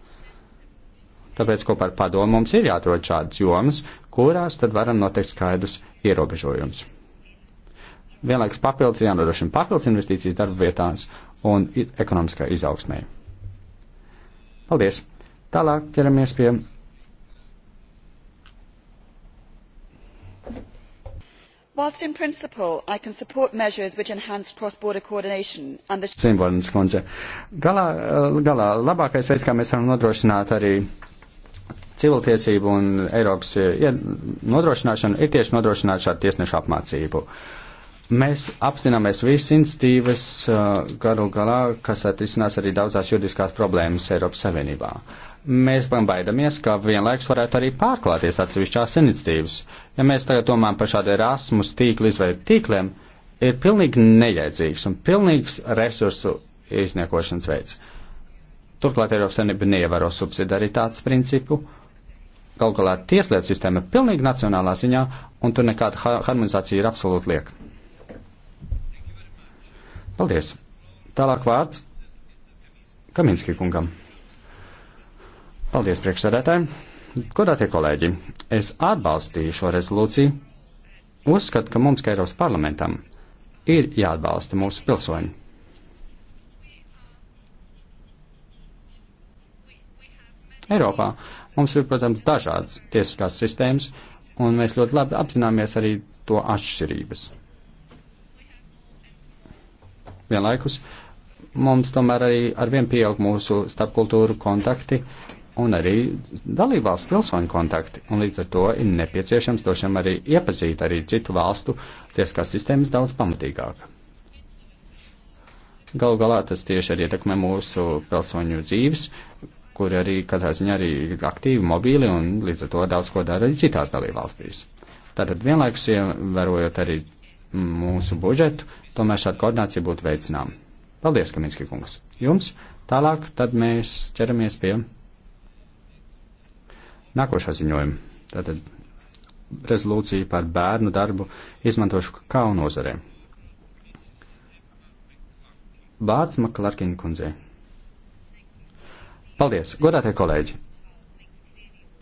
Tāpēc kopā ar padomu mums ir jāatrod šādas jomas, kurās tad varam noteikt skaidrus ierobežojumus. Vienlaikus papildus ir jānodrošina papildus investīcijas darba vietās un ekonomiskā izaugsmē. Paldies! Tālāk ķeramies pie. Whilst in principle I can support measures which enhance cross-border coordination and the... Simbolins, kundze. Galā, eh, galā labākais veids, kā mēs varam nodrošināt arī uh, civiltiesību un Eiropas eh, ja, nodrošināšanu ir tieši nodrošināt šādu tiesnešu apmācību. Mēs apzināmies visas institīvas eh, garu galā, kas atrisinās arī daudzās juridiskās problēmas Eiropas Savienībā. Mēs baidamies, ka vienlaiks varētu arī pārklāties atsevišķās institīvas. Ja mēs tagad domājam par šādu Erasmus tīklu izveidu tīkliem, ir pilnīgi nejēdzīgs un pilnīgs resursu izniekošanas veids. Turklāt Eiropas Savienība neievēro subsidaritātes principu, uh, Galu galā tieslietu sistēma ir pilnīgi nacionālā ziņā, un tur nekāda harmonizācija ir absolūti liek. Paldies. Tālāk vārds Kaminski kungam. Paldies priekšsēdētājiem. Godātie kolēģi, es atbalstīju šo rezolūciju. Uzskatu, ka mums, kā Eiropas parlamentam, ir jāatbalsta mūsu pilsoņi. Eiropā Mums ir, protams, dažādas tiesiskās sistēmas, un mēs ļoti labi apzināmies arī to atšķirības. Vienlaikus mums tomēr arī arvien pieaug mūsu starpkultūru kontakti un arī dalībvalstu pilsoņu kontakti, un līdz ar to ir nepieciešams došam arī iepazīt arī citu valstu tieskās sistēmas daudz pamatīgāk. Galu galā tas tieši arī ietekmē mūsu pilsoņu dzīves, kur arī katrā ziņā arī aktīvi mobīli un līdz ar to daudz ko dara arī citās dalībvalstīs. Tātad vienlaikus ievērojot arī mūsu budžetu, tomēr šāda koordinācija būtu veicinām. Paldies, Kaminski kungs. Jums tālāk tad mēs ķeramies pie nākošā ziņojuma. Tātad rezolūcija par bērnu darbu izmantošu kaunozarē. Vārds Maklarkina kundzei. Paldies, godātie kolēģi!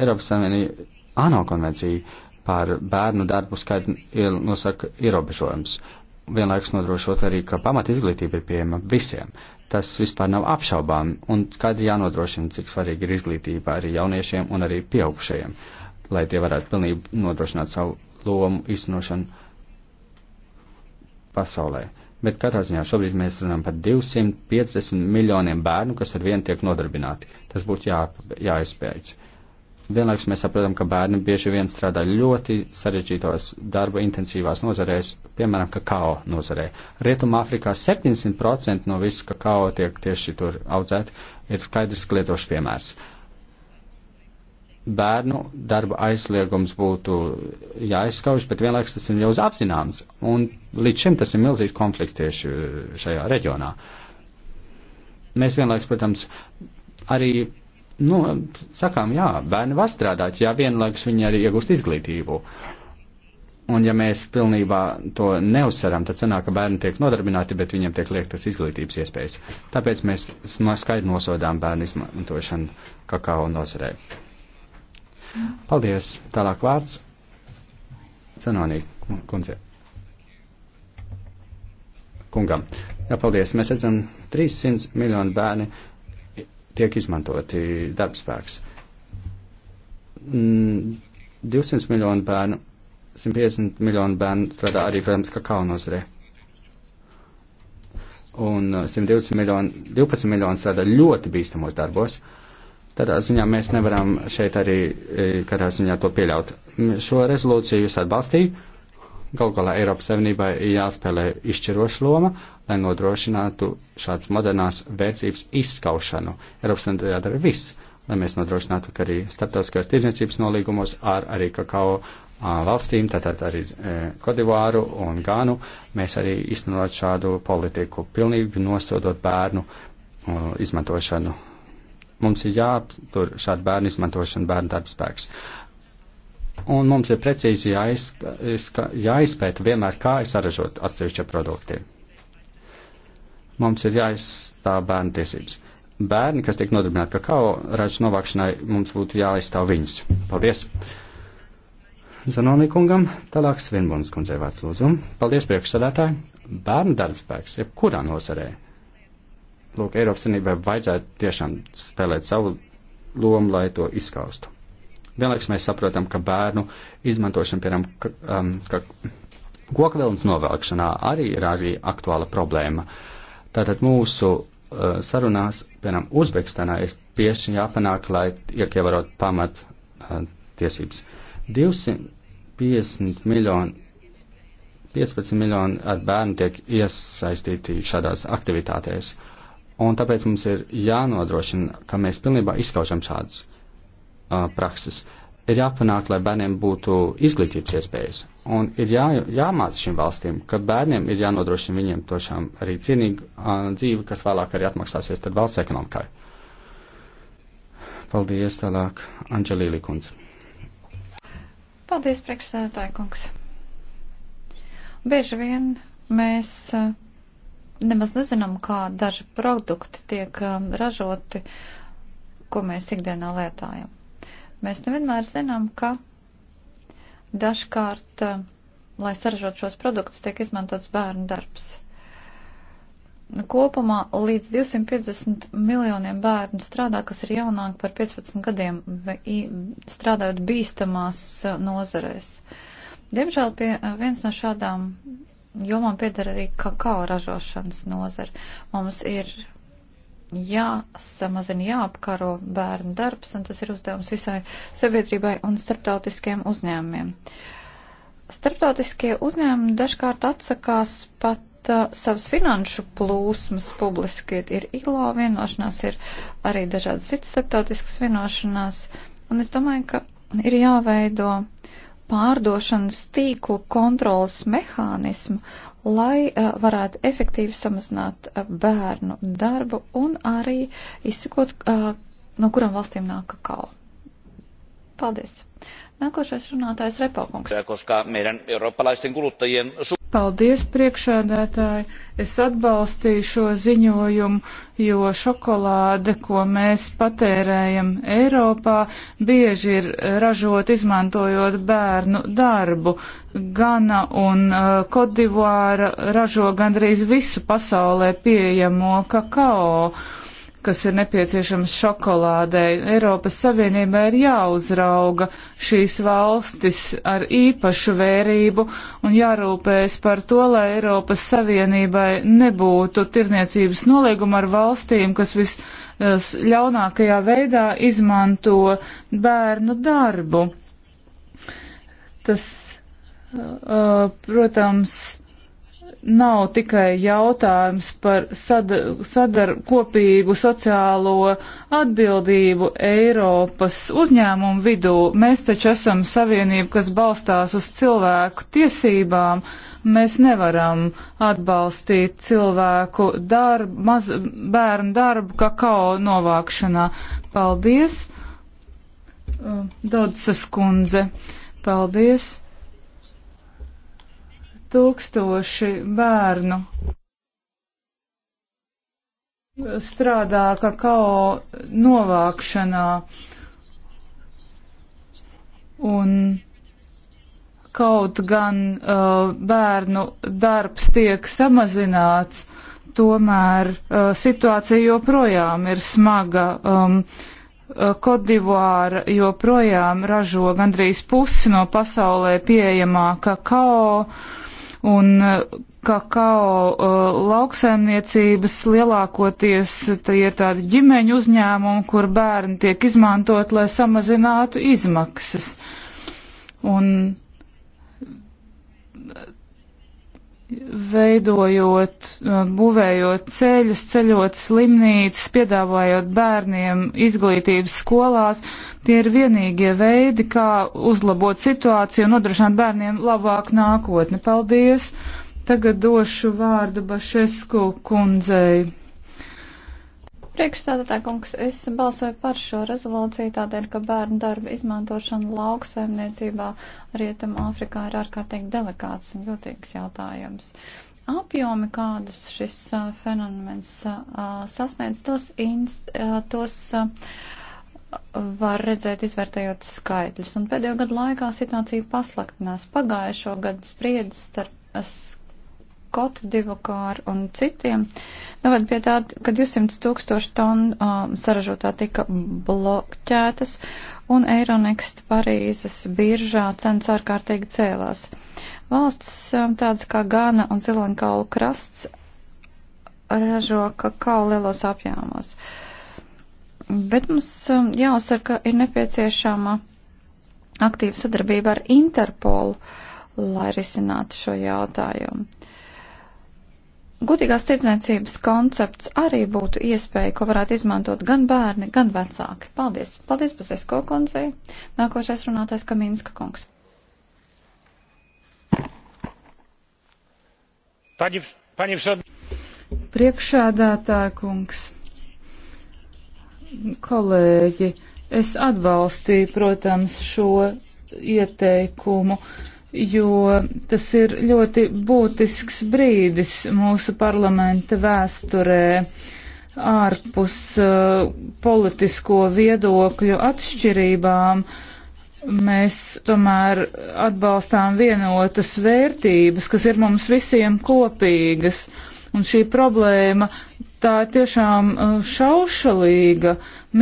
Eiropas Savienība ANO konvencija par bērnu darbu skaitu nosaka ierobežojums. Vienlaikus nodrošot arī, ka pamat izglītība ir pieejama visiem. Tas vispār nav apšaubām un skaidri jānodrošina, cik svarīgi ir izglītība arī jauniešiem un arī pieaugušajiem, lai tie varētu pilnībā nodrošināt savu lomu iznošanu pasaulē. Uh, Bet katrā ziņā šobrīd mēs runājam par 250 miljoniem bērnu, kas ar vienu tiek nodarbināti. Tas būtu jā, jāizpēc. Vienlaikus mēs saprotam, ka bērni bieži vien strādā ļoti sarežģītos darba intensīvās nozarēs, piemēram, kakao nozarē. Rietumā Afrikā 70% no visas kakao tiek tieši tur audzēt, ir skaidrs klietošs piemērs. Uh, bērnu darba aizliegums būtu jāizskauž, bet vienlaiks tas ir jau uz apzināms. Un līdz šim tas ir milzīgs konflikts tieši šajā reģionā. Mēs vienlaiks, protams, arī, nu, sakām, jā, bērni var strādāt, ja vienlaiks viņi arī iegūst izglītību. Un ja mēs pilnībā to neuzsaram, tad sanāk, ka bērni tiek nodarbināti, bet viņiem tiek liektas izglītības iespējas. Tāpēc mēs skaidri nosodām bērnu izmantošanu kakao nozarei. Paldies. Tālāk vārds. Cenonī kundze. Kungam. Jā, paldies. Mēs redzam, 300 miljonu bērni tiek izmantoti darbspēks. 200 mm, miljonu bērnu, 150 miljonu bērnu strādā arī, protams, kakao nozarē. Un 120 miljoni, 12 miljoni strādā ļoti bīstamos darbos. Uh, Tādā ziņā mēs nevaram šeit arī e, kādā ziņā to pieļaut. Šo rezolūciju jūs atbalstīju. Galu galā Eiropas Savienībai jāspēlē izšķiroša loma, lai nodrošinātu šāds modernās vērtības izskaušanu. Eiropas Savienībai jādara viss, lai mēs nodrošinātu, ka arī starptautiskajos tirdzniecības nolīgumos ar arī kakao valstīm, tātad arī e, Kodivāru un Gānu, mēs arī iztenot šādu politiku, pilnīgi nosodot bērnu izmantošanu Mums ir jāaptur šādu bērnu izmantošanu, bērnu darba spēks. Un mums ir precīzi jāiz, jāizpēta vienmēr, kā ir saražot atsevišķie produkti. Mums ir jāizstāv bērnu tiesības. Bērni, kas tiek nodarbināti kakao ražu novākšanai, mums būtu jāizstāv viņus. Paldies! Zanonī kungam, tālāk Svinbunas kundzei vārds lūdzu. Paldies priekšsādātāji. Bērnu darbspēks, jebkurā nozarē, lūk, Eiropas Savienībai vajadzētu tiešām spēlēt savu lomu, lai to izskaustu. Vienlaiks mēs saprotam, ka bērnu izmantošana, piemēram, ka, um, ka kokvilnas novelkšanā arī ir arī aktuāla problēma. Tātad mūsu uh, sarunās, piemēram, Uzbekistanā ir pieši jāpanāk, lai iekievarot pamat uh, tiesības. 250 miljoni 15 miljoni ar bērnu tiek iesaistīti šādās aktivitātēs. Uh, Un tāpēc mums ir jānodrošina, ka mēs pilnībā izskaužam šādas uh, prakses. Ir jāpanāk, lai bērniem būtu izglītības iespējas. Un ir jā, jāmāca šīm valstīm, ka bērniem ir jānodrošina viņiem tošām arī cienīgu uh, dzīvi, kas vēlāk arī atmaksāsies tad valsts ekonomikai. Paldies tālāk, Anģelīli kundze. Paldies, priekšsēdētāji kungs. Bieži vien mēs. Uh, nemaz nezinām, kā daži produkti tiek um, ražoti, ko mēs ikdienā lietojam. Mēs nevienmēr zinām, ka dažkārt, uh, lai saražot šos produktus, tiek izmantots bērnu darbs. Kopumā līdz 250 miljoniem bērnu strādā, kas ir jaunāki par 15 gadiem, strādājot bīstamās uh, nozarēs. Diemžēl pie uh, viens no šādām jo man piedara arī kakao ražošanas nozara. Mums ir jāsamazina, jāapkaro bērnu darbs, un tas ir uzdevums visai sabiedrībai un starptautiskiem uzņēmumiem. Starptautiskie uzņēmumi dažkārt atsakās pat uh, savas finanšu plūsmas publiski. Ir ILO vienošanās, ir arī dažādas citas starptautiskas vienošanās, un es domāju, ka ir jāveido pārdošanas tīklu kontrolas mehānismu, lai uh, varētu efektīvi samazināt uh, bērnu darbu un arī izsakot, uh, no kurām valstīm nāk kakao. Paldies. Nākošais runātājs Repakungs. Koska meidän eurooppalaisten kuluttajien Paldies, priekšādātāji! Es atbalstīju šo ziņojumu, jo šokolāde, ko mēs patērējam Eiropā, bieži ir ražot izmantojot bērnu darbu. Gana un uh, Kodivāra ražo gandrīz visu pasaulē pieejamo kakao. Uh, kas ir nepieciešams šokolādei. Eiropas Savienībai ir jāuzrauga šīs valstis ar īpašu vērību un jārūpējas par to, lai Eiropas Savienībai nebūtu tirniecības nolīguma ar valstīm, kas visļaunākajā veidā izmanto bērnu darbu. Tas, uh, uh protams, nav tikai jautājums par sad, sadar kopīgu sociālo atbildību Eiropas uzņēmumu vidū. Mēs taču esam savienība, kas balstās uz cilvēku tiesībām. Mēs nevaram atbalstīt cilvēku darbu, maz, bērnu darbu kakao novākšanā. Paldies, uh, Dodsas kundze. Paldies tūkstoši bērnu strādā kakao novākšanā. Un kaut gan uh, bērnu darbs tiek samazināts, tomēr uh, situācija joprojām ir smaga. Um, uh, Kodivāra joprojām ražo gandrīz pusi no pasaulē pieejamā kakao. Uh, un uh, kakao uh, lauksaimniecības lielākoties tie ir tādi ģimeņu uzņēmumi, kur bērni tiek izmantot, lai samazinātu izmaksas. Un veidojot, uh, būvējot ceļus, ceļot slimnīcas, piedāvājot bērniem izglītības skolās, Tie ir vienīgie veidi, kā uzlabot situāciju un nodrošināt bērniem labāku nākotni. Paldies! Tagad došu vārdu Bašesku kundzei. Priekšstādātā kungs, es balsoju par šo rezolūciju tādēļ, ka bērnu darba izmantošana lauksaimniecībā Rietam Āfrikā ir ārkārtīgi delikāts un jūtīgs jautājums. Apjomi, kādus šis fenomens sasniedz, tos, ins, tos var redzēt, izvērtējot skaitļus. Un pēdējo gadu laikā situācija pasliktinās. Pagājušo gadu spriedzes starp Skotu divokāru un citiem noved pie tā, ka 200 tūkstoši tonu um, saražotā tika blokķētas un Eironext Parīzes biržā cenas ārkārtīgi cēlās. Valsts um, tādas kā Gana un Ziloņkaulu krasts ražo kakao lielos apjāmos. Uh, Bet mums um, jāuzsver, ka ir nepieciešama aktīva sadarbība ar Interpolu, lai risinātu šo jautājumu. Gudīgās tirdzniecības koncepts arī būtu iespēja, ko varētu izmantot gan bērni, gan vecāki. Paldies! Paldies, Pasesko kundzei! Nākošais runātais Kaminska kungs. Priekšādātāja kungs. Kolēģi, es atbalstīju, protams, šo ieteikumu, jo tas ir ļoti būtisks brīdis mūsu parlamenta vēsturē ārpus uh, politisko viedokļu atšķirībām. Mēs tomēr atbalstām vienotas vērtības, kas ir mums visiem kopīgas. Un šī problēma tā ir tiešām uh, šaušalīga.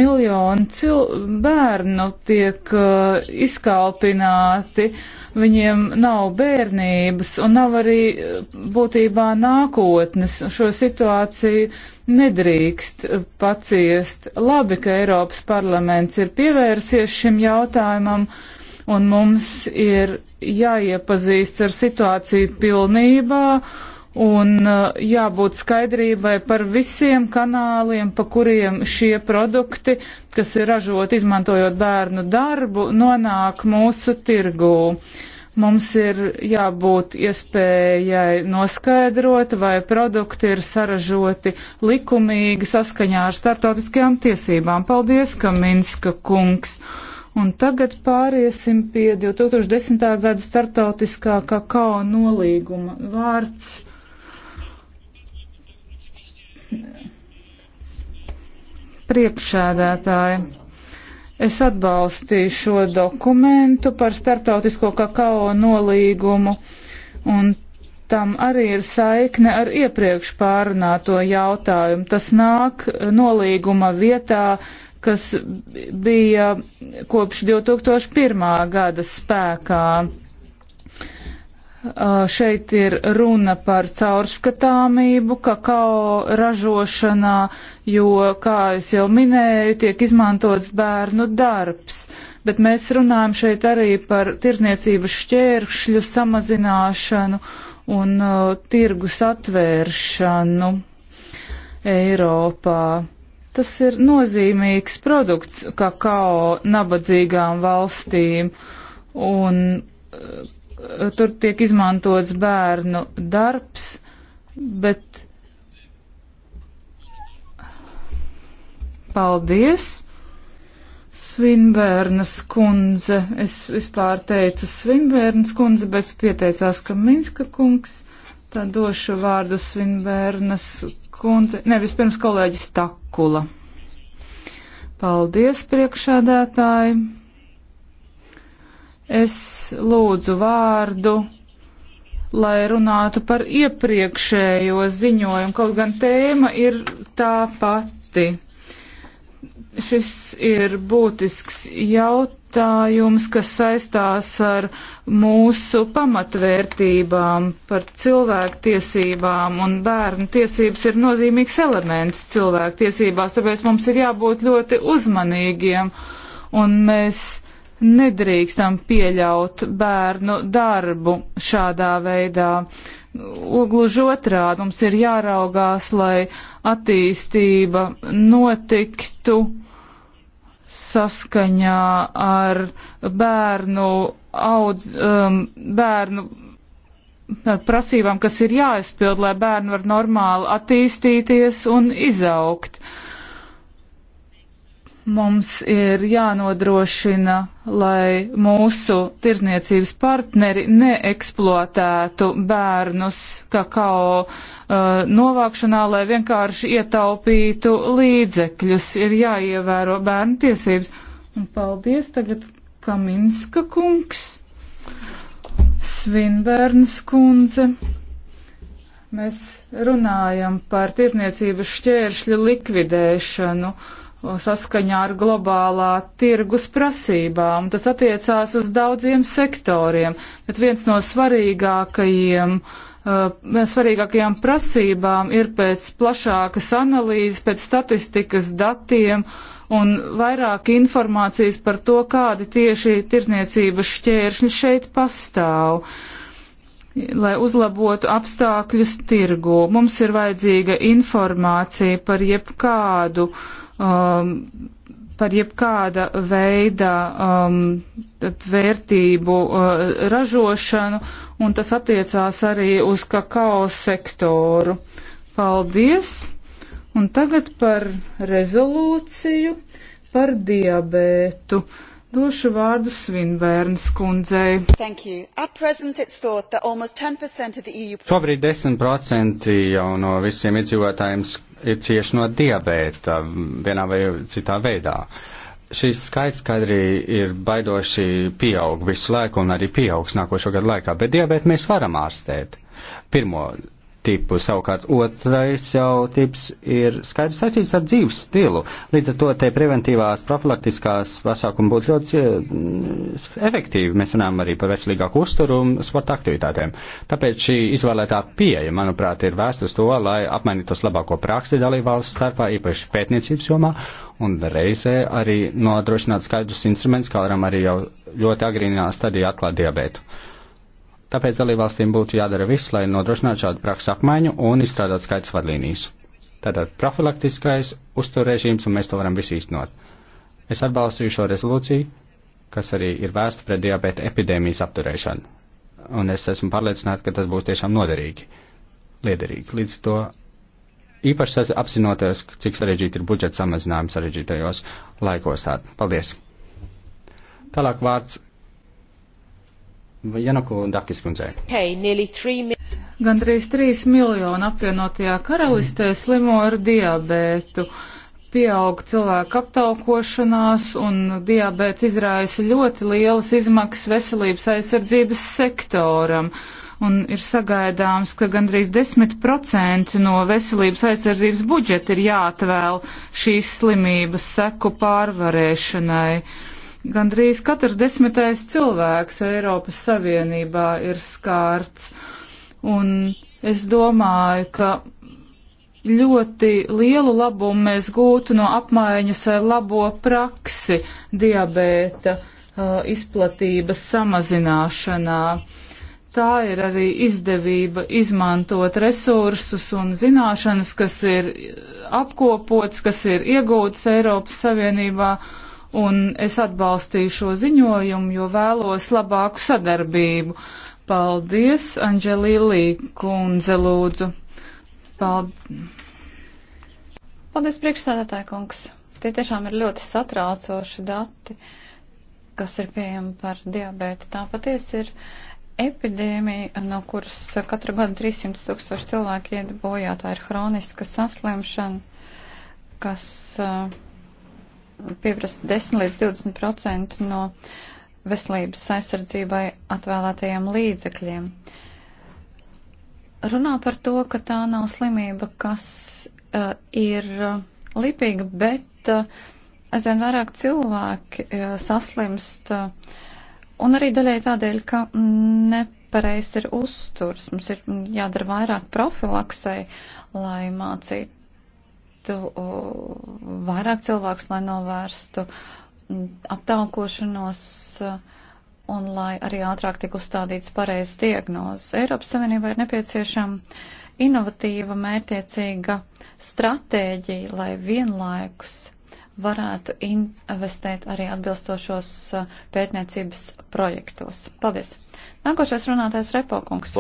Miljoni cil bērnu tiek uh, izkalpināti, viņiem nav bērnības un nav arī uh, būtībā nākotnes. Šo situāciju nedrīkst uh, paciest. Labi, ka Eiropas parlaments ir pievērsies šim jautājumam un mums ir jāiepazīst ar situāciju pilnībā un uh, jābūt skaidrībai par visiem kanāliem, pa kuriem šie produkti, kas ir ražot izmantojot bērnu darbu, nonāk mūsu tirgū. Mums ir jābūt iespējai noskaidrot, vai produkti ir saražoti likumīgi saskaņā ar starptautiskajām tiesībām. Paldies, ka Minska kungs! Un tagad pāriesim pie 2010. gada starptautiskā kakao nolīguma vārds. Priekšsēdētāji, es atbalstīju šo dokumentu par starptautisko kakao nolīgumu, un tam arī ir saikne ar iepriekš pārunāto jautājumu. Tas nāk nolīguma vietā, kas bija kopš 2001. gada spēkā. Šeit ir runa par caurskatāmību kakao ražošanā, jo, kā es jau minēju, tiek izmantots bērnu darbs, bet mēs runājam šeit arī par tirzniecības šķēršļu samazināšanu un uh, tirgus atvēršanu Eiropā. Tas ir nozīmīgs produkts kakao nabadzīgām valstīm un uh, tur tiek izmantots bērnu darbs, bet paldies, Svinbērnas kundze. Es vispār teicu Svinbērnas kundze, bet pieteicās, ka Minska kungs. Tad došu vārdu Svinbērnas kundze. Ne, vispirms kolēģis Takula. Paldies, priekšādētāji! Es lūdzu vārdu, lai runātu par iepriekšējo ziņojumu, kaut gan tēma ir tā pati. Šis ir būtisks jautājums, kas saistās ar mūsu pamatvērtībām, par cilvēktiesībām, un bērnu tiesības ir nozīmīgs elements cilvēktiesībās, tāpēc mums ir jābūt ļoti uzmanīgiem, un mēs nedrīkstam pieļaut bērnu darbu šādā veidā. Gluži otrādi mums ir jāraugās, lai attīstība notiktu saskaņā ar bērnu, audz, um, bērnu prasībām, kas ir jāizpild, lai bērni var normāli attīstīties un izaugt. Uh, Mums ir jānodrošina, lai mūsu tirzniecības partneri neeksploatētu bērnus kakao uh, novākšanā, lai vienkārši ietaupītu līdzekļus. Ir jāievēro bērnu tiesības. Un paldies tagad Kaminska kungs, Svinbērns kundze. Mēs runājam par tirzniecības šķēršļu likvidēšanu. Uh, saskaņā ar globālā tirgus prasībām. Tas attiecās uz daudziem sektoriem, bet viens no svarīgākajiem, uh, svarīgākajām prasībām ir pēc plašākas analīzes, pēc statistikas datiem un vairāk informācijas par to, kādi tieši tirzniecības šķēršļi šeit pastāv. Uh, lai uzlabotu apstākļus tirgu. Mums ir vajadzīga informācija par jebkādu uh, um, par jebkāda veida um, vērtību uh, ražošanu, un tas attiecās arī uz kakao sektoru. Paldies! Un tagad par rezolūciju par diabētu. Došu vārdu Svinbērns kundzei. EU... E Šobrīd 10% jau no visiem iedzīvotājiem ir cieši no diabēta vienā vai citā veidā. Šis skaits skaidri ir baidoši pieaug visu laiku un arī pieaugs nākošo gadu laikā, bet diabētu mēs varam ārstēt. Pirmo tipu. Savukārt otrais jau tips ir skaidrs saistīts ar dzīves stilu. Līdz ar to te preventīvās profilaktiskās pasākumi būtu ļoti mm, efektīvi. Mēs runājam arī par veselīgāku uzturu un sporta aktivitātēm. Tāpēc šī izvēlētā pieeja, manuprāt, ir vērsta uz to, lai apmainītos labāko praksi dalībvalsts starpā, īpaši pētniecības jomā, un reizē arī nodrošināt skaidrus instrumentus, kā varam arī jau ļoti agrīnā stadijā atklāt diabētu. Tāpēc dalībvalstīm būtu jādara viss, lai nodrošinātu šādu praksu apmaiņu un izstrādāt skaidrs vadlīnijas. Tātad profilaktiskais uzturrežīms, un mēs to varam visu īstenot. Es atbalstu šo rezolūciju, kas arī ir vērsta pret diabēta epidēmijas apturēšanu. Un es esmu pārliecināta, ka tas būs tiešām noderīgi, liederīgi. Līdz to īpaši apzinoties, cik sarežģīti ir budžeta samazinājums sarežģītajos laikos. Tād. Paldies! Tālāk vārds Janaku un Dakis kundzei. Hey, Gandrīz 3 miljoni apvienotajā karalistē slimo ar diabētu. Pieaug cilvēku aptaukošanās un diabēts izraisa ļoti lielas izmaksas veselības aizsardzības sektoram. Un ir sagaidāms, ka gandrīz 10% no veselības aizsardzības budžeta ir jāatvēl šīs slimības seku pārvarēšanai. Uh, Gandrīz katrs desmitais cilvēks Eiropas Savienībā ir skārts. Un es domāju, ka ļoti lielu labumu mēs gūtu no apmaiņas ar labo praksi diabēta uh, izplatības samazināšanā. Tā ir arī izdevība izmantot resursus un zināšanas, kas ir apkopots, kas ir iegūts Eiropas Savienībā. Uh, un es atbalstīju šo ziņojumu, jo vēlos labāku sadarbību. Paldies, Anģelīlī kundze, lūdzu. Paldies. Paldies, priekšsēdētāji kungs. Tie tiešām ir ļoti satraucoši dati, kas ir pieejami par diabētu. Tā patiesi ir epidēmija, no kuras katru gadu 300 tūkstoši cilvēki iet bojā. Tā ir hroniska saslimšana, kas. Uh, pieprasa 10 līdz 20 procentu no veselības aizsardzībai atvēlētajiem līdzekļiem. Runā par to, ka tā nav slimība, kas uh, ir uh, lipīga, bet uh, aizvien vairāk cilvēki uh, saslimst, uh, un arī daļai tādēļ, ka nepareizs ir uzturs. Mums ir jādara vairāk profilaksai, lai mācītu iesaistītu vairāk cilvēkus, lai novērstu aptaukošanos un lai arī ātrāk tik uzstādīts pareizs diagnozes. Eiropas Savienībai ir nepieciešama inovatīva, mērtiecīga stratēģija, lai vienlaikus varētu investēt arī atbilstošos pētniecības projektos. Paldies! Nākošais runātais Repokungs.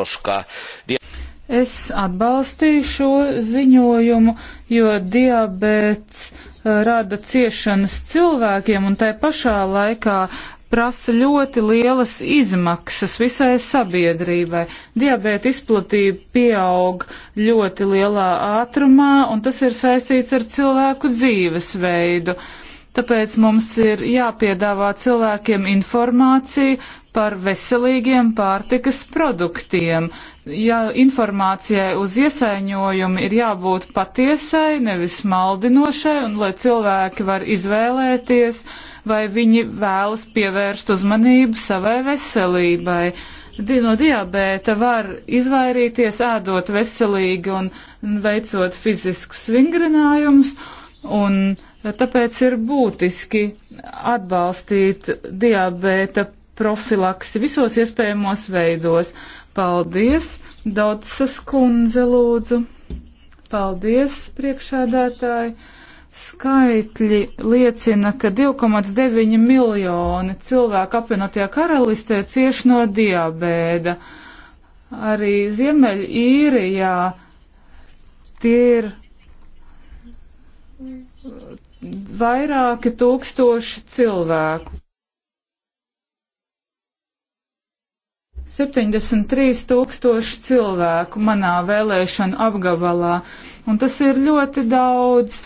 Es atbalstīju šo ziņojumu, jo diabēts uh, rada ciešanas cilvēkiem un tai pašā laikā prasa ļoti lielas izmaksas visai sabiedrībai. Diabēta izplatība pieaug ļoti lielā ātrumā, un tas ir saistīts ar cilvēku dzīvesveidu. Tāpēc mums ir jāpiedāvā cilvēkiem informācija par veselīgiem pārtikas produktiem. Ja informācijai uz iesaiņojumu ir jābūt patiesai, nevis maldinošai, un lai cilvēki var izvēlēties, vai viņi vēlas pievērst uzmanību savai veselībai. No diabēta var izvairīties ēdot veselīgi un veicot fiziskus vingrinājumus, un tāpēc ir būtiski atbalstīt diabēta profilaksi visos iespējamos veidos. Paldies, Daudzas kundze lūdzu. Paldies, priekšādātāji. Skaitļi liecina, ka 2,9 miljoni cilvēku apvienotajā karalistē cieši no diabēda. Arī Ziemeļīrijā tie ir vairāki tūkstoši cilvēku. 73 tūkstoši cilvēku manā vēlēšanu apgabalā, un tas ir ļoti daudz.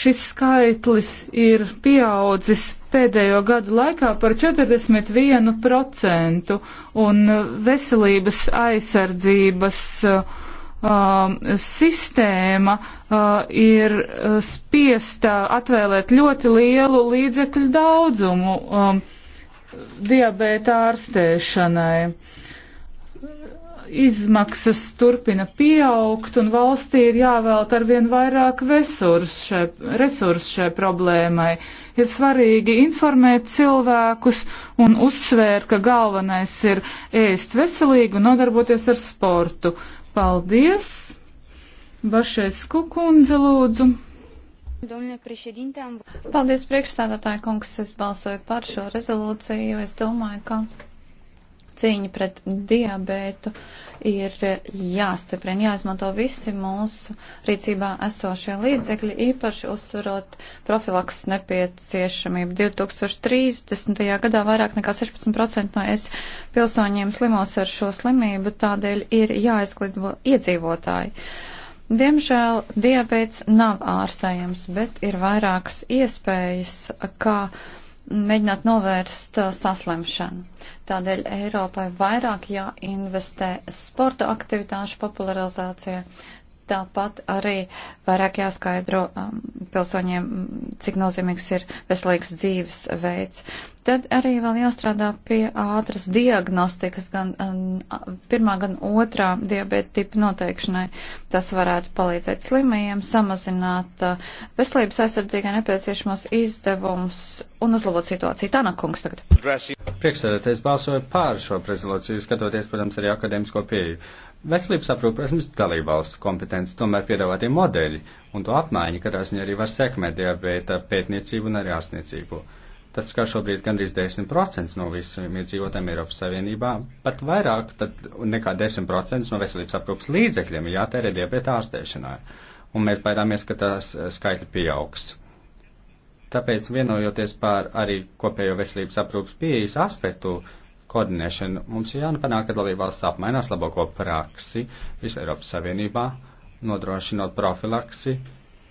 Šis skaitlis ir pieaudzis pēdējo gadu laikā par 41% un uh, veselības aizsardzības uh, um, sistēma uh, ir uh, spiesta atvēlēt ļoti lielu līdzekļu daudzumu um, diabēta ārstēšanai. Izmaksas turpina pieaugt un valstī ir jāvēlta arvien vairāk resursu šai, resursu šai problēmai. Ir svarīgi informēt cilvēkus un uzsvērt, ka galvenais ir ēst veselīgi un nodarboties ar sportu. Paldies! Bašais Kukundze lūdzu. Paldies, priekšstādātāja kungs. Es balsoju par šo rezolūciju, jo es domāju, ka cīņa pret diabētu ir jāstiprina, jāizmanto visi mūsu rīcībā esošie līdzekļi, īpaši uzsverot profilaks nepieciešamību. 2030. gadā vairāk nekā 16% no es pilsoņiem slimos ar šo slimību, tādēļ ir jāizglītvo iedzīvotāji. Uh, Diemžēl diabēts nav ārstējams, bet ir vairākas iespējas, kā mēģināt novērst uh, saslimšanu. Tādēļ Eiropai vairāk jāinvestē sporta aktivitāšu popularizācijā Tāpat arī vairāk jāskaidro um, pilsoņiem, cik nozīmīgs ir veselīgs dzīves veids. Tad arī vēl jāstrādā pie ātras diagnostikas, gan um, pirmā, gan otrā diabēta tipa noteikšanai. Tas varētu palīdzēt slimajiem, samazināt uh, veselības aizsardzīgai nepieciešamos izdevumus un uzlabot situāciju. Tā nav kungs tagad. Priekšsēdētais balsoja pār šo prezentāciju, skatoties, protams, arī akadēmisko pieeju. Veselības aprūpe, protams, dalībvalsts kompetence, tomēr piedāvātie modeļi un to apmaiņa, katrā ziņā arī var sekmēt diabēta pētniecību un arī ārstniecību. Tas, kā šobrīd gandrīz 10% no visiem iedzīvotājiem Eiropas Savienībā, pat vairāk tad, nekā 10% no veselības aprūpas līdzekļiem ir jātērē diabēta ārstēšanai. Un mēs baidāmies, ka tās skaitļi pieaugs. Tāpēc vienojoties par arī kopējo veselības aprūpas pieejas aspektu, uh, koordinēšanu. Mums ir jāpanāk, ka dalībvalsts apmainās labāko praksi visā Eiropas Savienībā, nodrošinot profilaksi,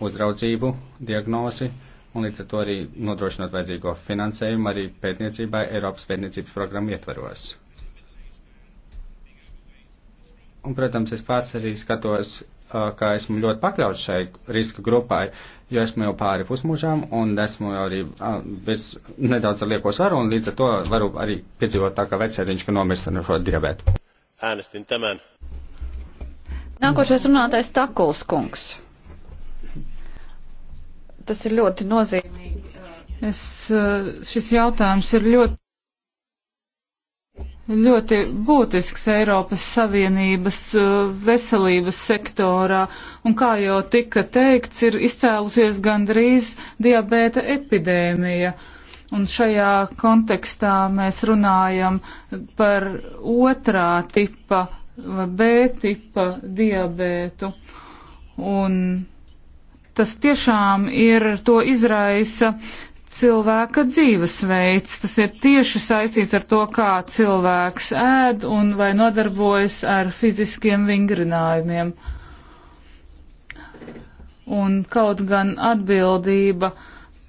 uzraudzību, diagnozi un līdz ar to arī nodrošinot vajadzīgo finansējumu arī pētniecībai Eiropas pētniecības programmu ietvaros. Un, protams, es pats arī skatos, ka esmu ļoti pakļauts šai riska grupai, uh, jo esmu jau pāri pusmužām un esmu jau arī a, bez, nedaudz ar lieko svaru un līdz ar to varu arī piedzīvot tā kā vecēriņš, ka nomirst no šo diabētu. Äänestin tämän. Nākošais runātais Takuls kungs. Tas ir ļoti nozīmīgi. Es, šis jautājums ir ļoti ļoti būtisks Eiropas Savienības uh, veselības sektorā, un kā jau tika teikts, ir izcēlusies gandrīz diabēta epidēmija. Un šajā kontekstā mēs runājam par otrā tipa vai B tipa diabētu. Un tas tiešām ir to izraisa cilvēka dzīvesveids. Tas ir tieši saistīts ar to, kā cilvēks ēd un vai nodarbojas ar fiziskiem vingrinājumiem. Un kaut gan atbildība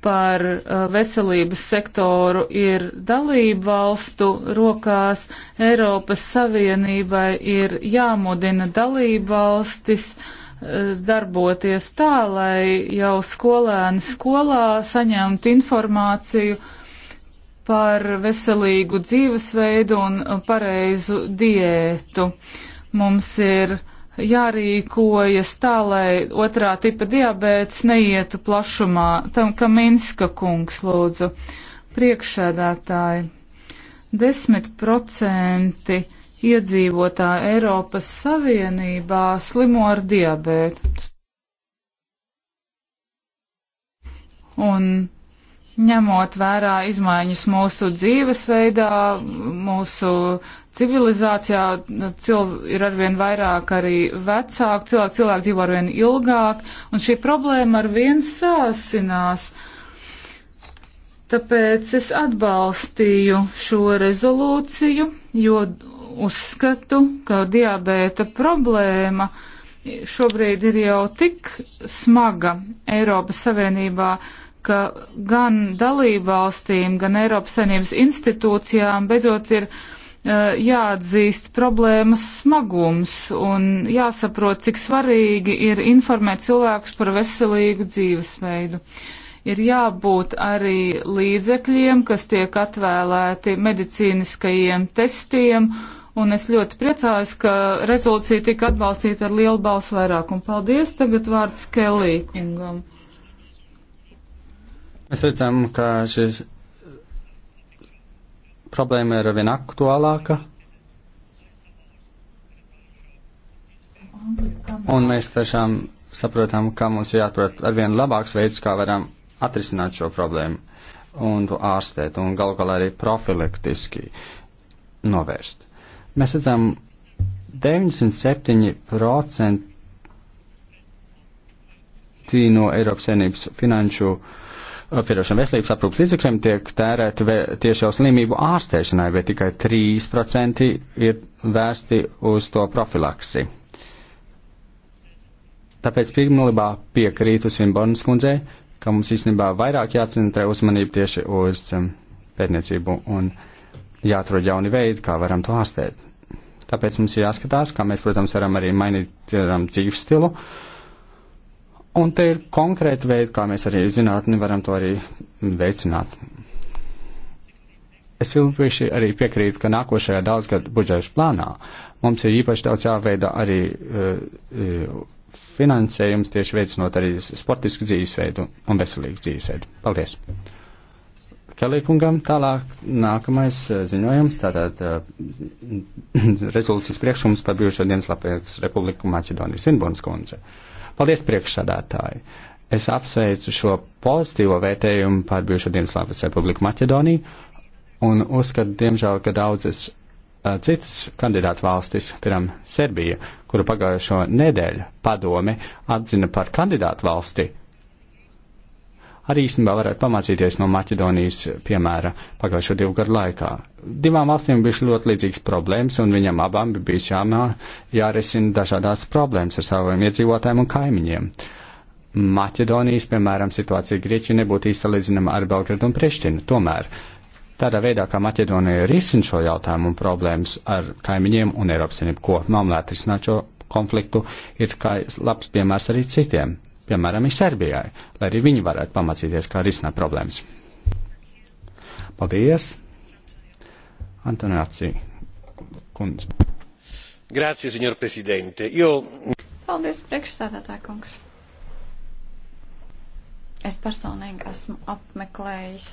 par uh, veselības sektoru ir dalību valstu rokās, Eiropas Savienībai ir jāmudina dalību valstis uh, Eh, darboties tā, lai jau skolēni skolā saņemtu informāciju par veselīgu dzīvesveidu un pareizu diētu. Mums ir jārīkojas tā, lai otrā tipa diabēts neietu plašumā, tam, ka Minska kungs lūdzu priekšēdātāji. 10% iedzīvotāji Eiropas Savienībā slimo ar diabētu. Un ņemot vērā izmaiņas mūsu dzīvesveidā, mūsu civilizācijā, nu, ir arvien vairāk arī vecāku cilvēku, cilvēku dzīvo arvien ilgāk, un šī problēma arvien sāsinās. Tāpēc es atbalstīju šo rezolūciju, jo uzskatu, ka diabēta problēma šobrīd ir jau tik smaga Eiropas Savienībā, ka gan dalībvalstīm, gan Eiropas Savienības institūcijām beidzot ir uh, jāatzīst problēmas smagums un jāsaprot, cik svarīgi ir informēt cilvēkus par veselīgu dzīvesveidu. Ir jābūt arī līdzekļiem, kas tiek atvēlēti medicīniskajiem testiem un es ļoti priecājos, ka rezolūcija tika atbalstīta ar lielu balsu vairākumu. Paldies, tagad vārds Kelī kungam. Mēs redzam, ka šis problēma ir vien aktuālāka. Un mēs tiešām saprotam, ka mums ir jāatprot arvien labāks veids, kā varam atrisināt šo problēmu un to ārstēt un galu galā arī profilaktiski novērst. Mēs redzam, 97% no Eiropas saimnības finanšu eh, pierošana veselības aprūpas līdzekļiem tiek tērēti tieši jau slimību ārstēšanai, bet tikai 3% ir vērsti uz to profilaksi. Tāpēc pirmlībā piekrītu Svimbornas kundzei, ka mums īstenībā vairāk jācentrē uzmanība tieši uz eh, pētniecību un jāatrod jauni veidi, kā varam to ārstēt. Tāpēc mums ir jāskatās, kā mēs, protams, varam arī mainīt um, dzīves stilu. Un te ir konkrēti veidi, kā mēs arī zinātni varam to arī veicināt. Es ilgpieši arī piekrītu, ka nākošajā daudzgadu budžešu plānā mums ir īpaši daudz jāveida arī uh, finansējums tieši veicinot arī sportisku dzīvesveidu un veselīgu dzīvesveidu. Paldies! Kalīkungam. Tālāk nākamais eh, ziņojums, tātad eh, rezolūcijas priekšums par bijušo Dienaslapēks Republiku Maķedoniju Sinbonas kundze. Paldies priekšsādātāji! Es apsveicu šo pozitīvo vērtējumu par bijušo Dienaslapēks Republiku Maķedoniju un uzskatu, diemžēl, ka daudzas eh, citas kandidātu valstis, piemēram, Serbija, kuru pagājušo nedēļu padome atzina par kandidātu valsti, arī īstenībā varētu pamācīties no Maķedonijas piemēra pagājušo divu gadu laikā. Divām valstīm bija ļoti līdzīgas problēmas, un viņam abām bija jāmā, jārisina dažādās problēmas ar saviem iedzīvotājiem un kaimiņiem. Maķedonijas, piemēram, situācija Grieķija nebūtu īstalīdzinama ar Belgradu un Prištinu. Tomēr tādā veidā, kā Maķedonija risina šo jautājumu un problēmas ar kaimiņiem un Eiropas Savienību kopumā, lai atrisinātu šo konfliktu, ir kā labs piemērs arī citiem piemēram, ir Serbijai, lai arī viņi varētu pamācīties, kā risināt problēmas. Paldies! Antonācija kundze. Grācija, senjor prezidente. Jo... Paldies, priekšsēdētāja kungs. Es personīgi esmu apmeklējis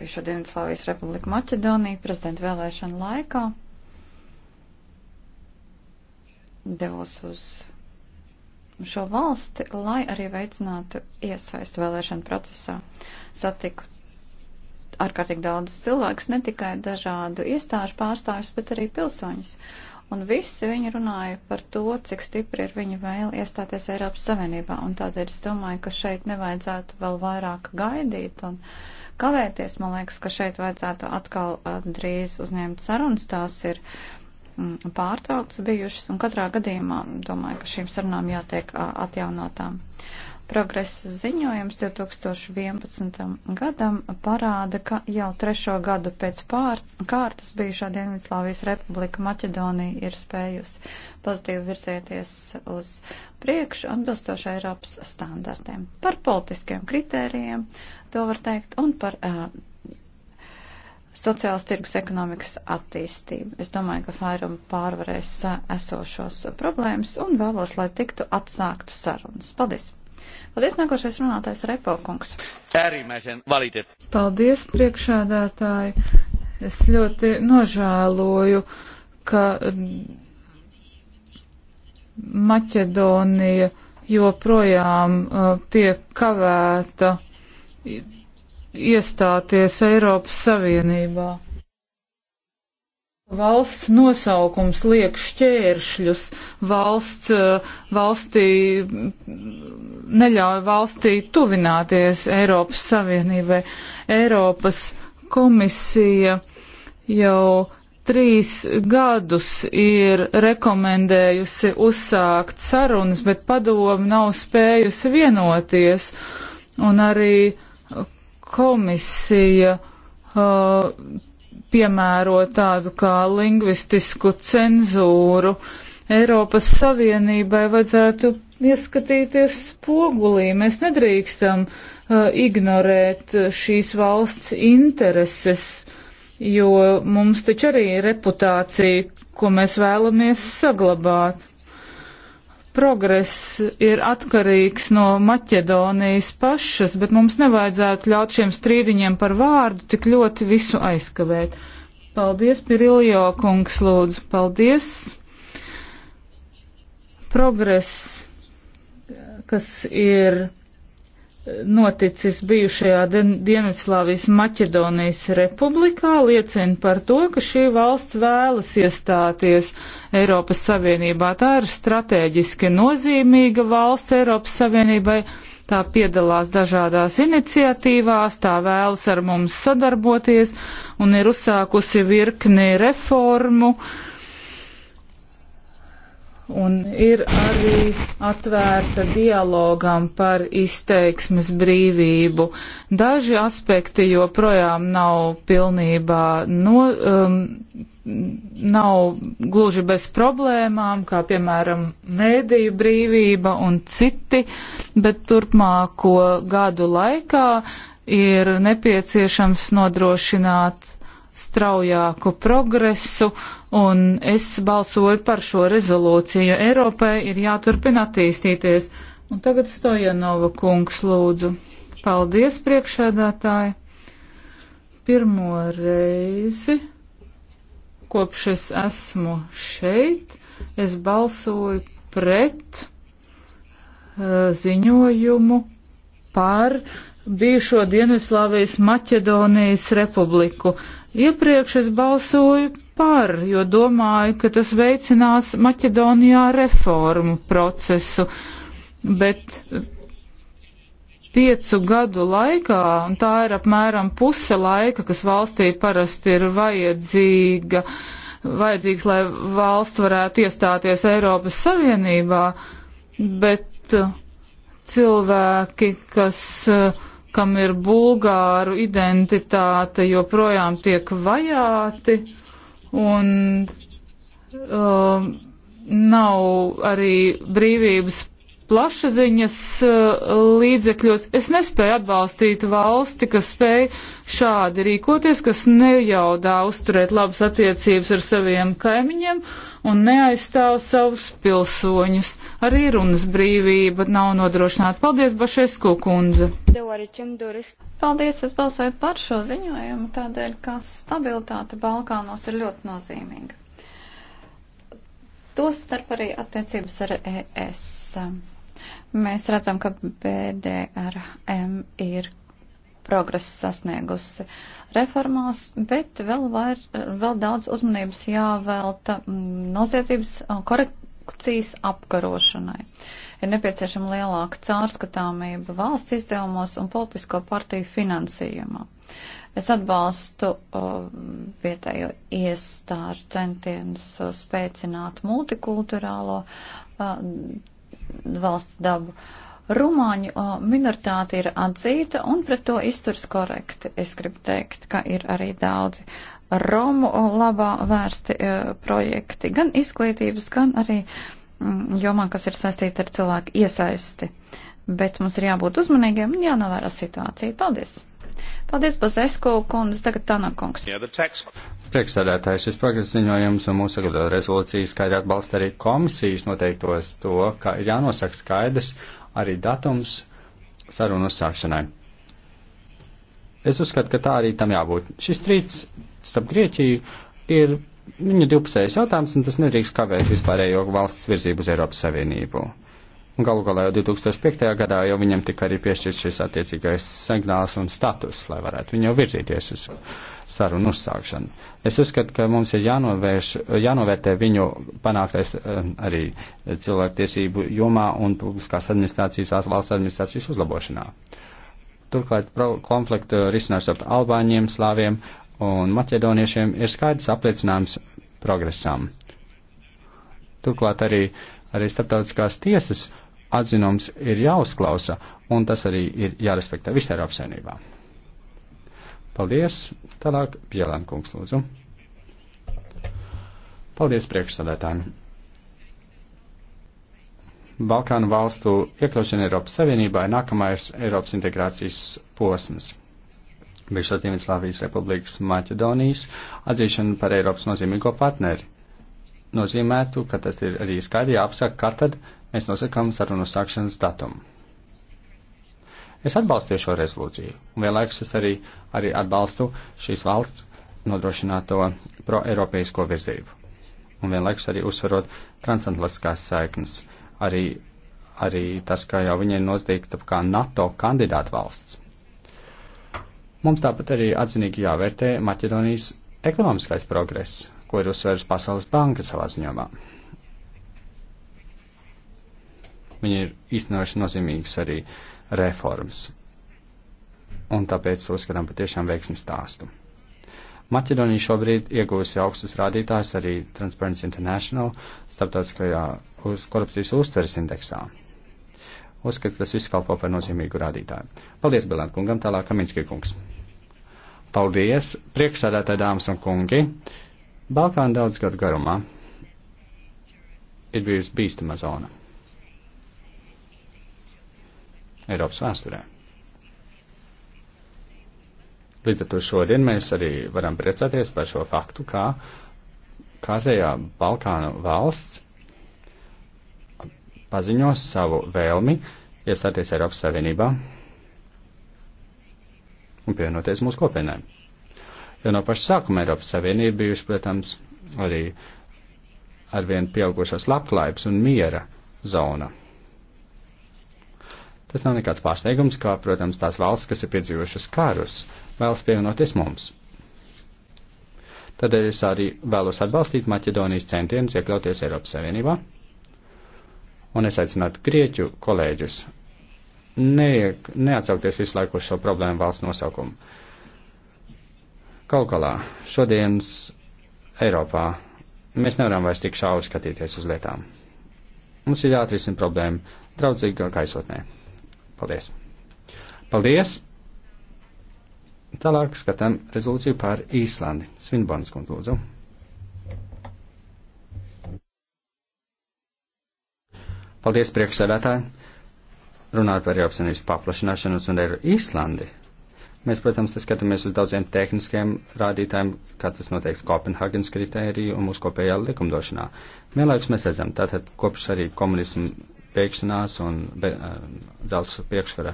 bijušo eh, Dienvidslāvijas republiku Maķedoniju prezidenta vēlēšanu laikā. Devos uz šo valsti, lai arī veicinātu iesaistu vēlēšanu procesā. Satiku ārkārtīgi daudz cilvēkus, ne tikai dažādu iestāžu pārstāvis, bet arī pilsoņus. Un visi viņi runāja par to, cik stipri ir viņa vēla iestāties Eiropas Savienībā. Un tādēļ es domāju, ka šeit nevajadzētu vēl vairāk gaidīt un kavēties. Man liekas, ka šeit vajadzētu atkal uh, drīz uzņemt sarunas. Tās ir uh, Mm, pārtrauktas bijušas, un katrā gadījumā domāju, ka šīm sarunām jātiek atjaunotām. Progresa ziņojums 2011. gadam parāda, ka jau trešo gadu pēc pār, kārtas bijušā Dienvidslāvijas republika Maķedonija ir spējusi pozitīvi virzēties uz priekšu atbilstoši Eiropas standartiem. Par politiskiem kritērijiem to var teikt un par uh, sociāls tirgus ekonomikas attīstību. Es domāju, ka Fairum pārvarēs esošos problēmas un vēlos, lai tiktu atsāktu sarunas. Paldies! Paldies, nākošais runātājs Repokungs. Äärimmäisen valitet. Paldies, priekšādātāji. Es ļoti nožēloju, ka Maķedonija joprojām uh, tiek kavēta iestāties Eiropas Savienībā. Valsts nosaukums liek šķēršļus, valsts, eh, valstī, neļauj valstī tuvināties Eiropas Savienībai. Eiropas komisija jau trīs gadus ir rekomendējusi uzsākt sarunas, bet padomu nav spējusi vienoties. Un arī komisija uh, piemēro tādu kā lingvistisku cenzūru. Eiropas Savienībai vajadzētu ieskatīties spogulī. Mēs nedrīkstam uh, ignorēt šīs valsts intereses, jo mums taču arī ir reputācija, ko mēs vēlamies saglabāt progress ir atkarīgs no Maķedonijas pašas, bet mums nevajadzētu ļaut šiem strīdiņiem par vārdu tik ļoti visu aizkavēt. Paldies, Piriljo kungs, lūdzu, paldies. Progress, kas ir noticis bijušajā Dienvidslāvijas Maķedonijas republikā, liecina par to, ka šī valsts vēlas iestāties Eiropas Savienībā. Tā ir strateģiski nozīmīga valsts Eiropas Savienībai. Tā piedalās dažādās iniciatīvās, tā vēlas ar mums sadarboties un ir uzsākusi virkni reformu. Uh, un ir arī atvērta dialogam par izteiksmes brīvību. Daži aspekti joprojām nav pilnībā no. Um, nav gluži bez problēmām, kā piemēram mēdīju brīvība un citi, bet turpmāko gadu laikā ir nepieciešams nodrošināt straujāku progresu un es balsoju par šo rezolūciju, jo Eiropai ir jāturpina attīstīties. Un tagad Stojanova kungs lūdzu. Paldies, priekšēdātāji! Pirmo reizi, kopš es esmu šeit, es balsoju pret uh, ziņojumu par bijušo Dienvidslāvijas Maķedonijas republiku. Iepriekš es balsoju par, jo domāju, ka tas veicinās Maķedonijā reformu procesu, bet piecu gadu laikā, un tā ir apmēram puse laika, kas valstī parasti ir vajadzīga, vajadzīgs, lai valsts varētu iestāties Eiropas Savienībā, bet uh, cilvēki, kas, uh, kam ir bulgāru identitāte, joprojām tiek vajāti un um, nav arī brīvības plašsaziņas eh, līdzekļos. Es nespēju atbalstīt valsti, kas spēj šādi rīkoties, kas nejaudā uzturēt labas attiecības ar saviem kaimiņiem un neaizstāv savus pilsoņus. Arī runas brīvība nav nodrošināta. Paldies, Bašesku kundze! Paldies, es balsoju par šo ziņojumu tādēļ, ka stabilitāte Balkānos ir ļoti nozīmīga. Tostarp arī attiecības ar ES. Mēs redzam, ka BDRM ir progresu sasniegusi reformās, bet vēl, vair, vēl daudz uzmanības jāvelta mm, noziedzības korekcijas apkarošanai. Ir nepieciešama lielāka cārskatāmība valsts izdevumos un politisko partiju finansējumā. Es atbalstu o, vietējo iestāžu centienus spēcināt multikulturālo valsts dabu. Rumāņu minoritāte ir atzīta un pret to izturs korekti. Es gribu teikt, ka ir arī daudzi Romu labā vērsti e, projekti, gan izglītības, gan arī mm, jomā, kas ir saistīta ar cilvēku iesaisti. Bet mums ir jābūt uzmanīgiem un jānovēro situācija. Paldies! Paldies, Bazesko kundze, tagad Tanakungs. Priekšsēdētājs, šis progresa ziņojums un mūsu gada rezolūcija skaidri atbalsta arī komisijas noteiktos to, ka ir jānosaka skaidrs arī datums sarunu uzsākšanai. Es uzskatu, ka tā arī tam jābūt. Šis strīds starp Grieķiju ir viņa divpusējais jautājums, un tas nedrīkst kavēt vispārējo valsts virzību uz Eiropas Savienību. Galu galā jau 2005. gadā jau viņam tika arī piešķirts šis attiecīgais signāls un status, lai varētu viņu virzīties uz sarunu uzsākšanu. Es uzskatu, ka mums ir jānovērš, jānovērtē viņu panāktais eh, arī cilvēktiesību jomā un publiskās administrācijas, valsts administrācijas uzlabošanā. Turklāt konfliktu risinājums ar Albāņiem, Slāviem un Maķedoniešiem ir skaidrs apliecinājums progresam. Turklāt arī, arī starptautiskās tiesas uh, atzinums ir jāuzklausa, un tas arī ir jārespektē visā Eiropas saimnībā. Paldies! Tālāk Bielankungs lūdzu. Paldies priekšsādātājiem! Balkānu valstu iekļaušana Eiropas Savienībā ir nākamais Eiropas integrācijas posms. Bijušās Dienvidslāvijas republikas Maķedonijas atzīšana par Eiropas nozīmīgo partneri nozīmētu, ka tas ir arī skaidri jāapsaka, kā tad mēs nosakām sarunu sākšanas datumu. Es atbalstu šo rezolūciju, un vienlaikus es arī, arī atbalstu šīs valsts nodrošināto pro-eiropeisko virzību. Un vienlaikus arī uzsverot transatlantiskās saiknes, arī, arī tas, ka jau viņa ir nozīgta kā NATO kandidāta valsts. Mums tāpat arī atzinīgi jāvērtē Maķedonijas ekonomiskais progress, ko ir uzsvērs Pasaules banka savā ziņomā. viņi ir īstenojuši nozīmīgas arī reformas. Un tāpēc uzskatām patiešām veiksmi stāstu. Maķedonija šobrīd iegūsi augstus rādītājus arī Transparency International starptautiskajā uz korupcijas uztveres indeksā. Uzskatu, tas viss kalpo par nozīmīgu rādītāju. Paldies, Bilēn kungam, tālāk Kaminski kungs. Paldies, priekšsādātāji dāmas un kungi. Balkāna daudz gadu garumā ir bijusi bīstama zona. Eiropas vēsturē. Līdz ar to šodien mēs arī varam priecāties par šo faktu, kā kārtējā Balkānu valsts paziņos savu vēlmi iestāties Eiropas Savienībā un pievienoties mūsu kopienai. Jo no paša sākuma Eiropas Savienība bijuši, protams, arī arvien pieaugušās labklājības un miera zona. Tas nav nekāds pārsteigums, kā, protams, tās valsts, kas ir piedzīvojušas kārus, vēlas pievienoties mums. Tādēļ es arī vēlos atbalstīt Maķedonijas centienus iekļauties Eiropas Savienībā. Un es aicinātu grieķu kolēģus ne, neatsaukties visu laiku uz šo problēmu valsts nosaukumu. Kaut galā šodienas Eiropā mēs nevaram vairs tik šauri skatīties uz lietām. Mums ir jāatrisina problēma draudzīgā gaisotnē. Paldies! Paldies! Tālāk skatām rezolūciju par Īslandi. Svinbārnas kundze, lūdzu. Paldies, priekšsēdētāji! Runāt par Eiropas Savienības paplašināšanos un Eiro Īslandi. Mēs, protams, skatāmies uz daudziem tehniskiem rādītājiem, kā tas noteikts Kopenhāgenes kritēriju un mūsu kopējā likumdošanā. Vienlaikus mēs redzam, tātad kopš arī komunismu pēkšanās un be, zelts priekškara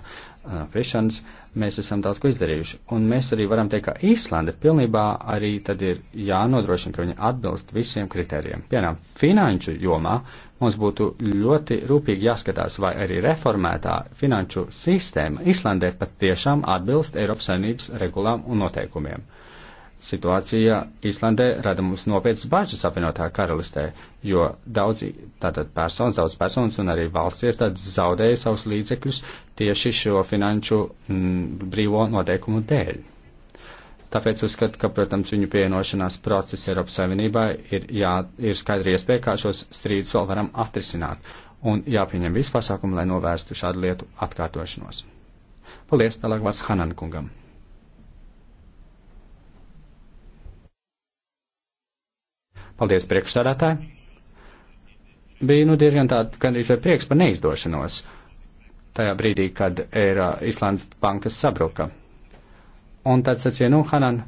krišanas, mēs esam daudz ko izdarījuši. Un mēs arī varam teikt, ka Īslande pilnībā arī tad ir jānodrošina, ka viņa atbilst visiem kritērijiem. Piemēram, finanšu jomā mums būtu ļoti rūpīgi jāskatās, vai arī reformētā finanšu sistēma Īslandē patiešām atbilst Eiropas saimnības regulām un noteikumiem situācija Īslandē rada mums nopietnas bažas apvienotā karalistē, jo daudz tātad personas, daudz personas un arī valsts iestādes zaudēja savus līdzekļus tieši šo finanšu m, mm, brīvo noteikumu dēļ. Tāpēc uzskatu, ka, protams, viņu pievienošanās process Eiropas Savienībā ir, jā, ir skaidri iespēja, kā šos strīdus vēl varam atrisināt un jāpieņem visi pasākumi, lai novērstu šādu lietu atkārtošanos. Paldies, tālāk vārds Hanan kungam. Paldies priekšsādātāji. Bija nu diezgan tāda, gandrīz ar prieks par neizdošanos tajā brīdī, kad era Islandes bankas sabruka. Un tad sacīja, nu, Hanan,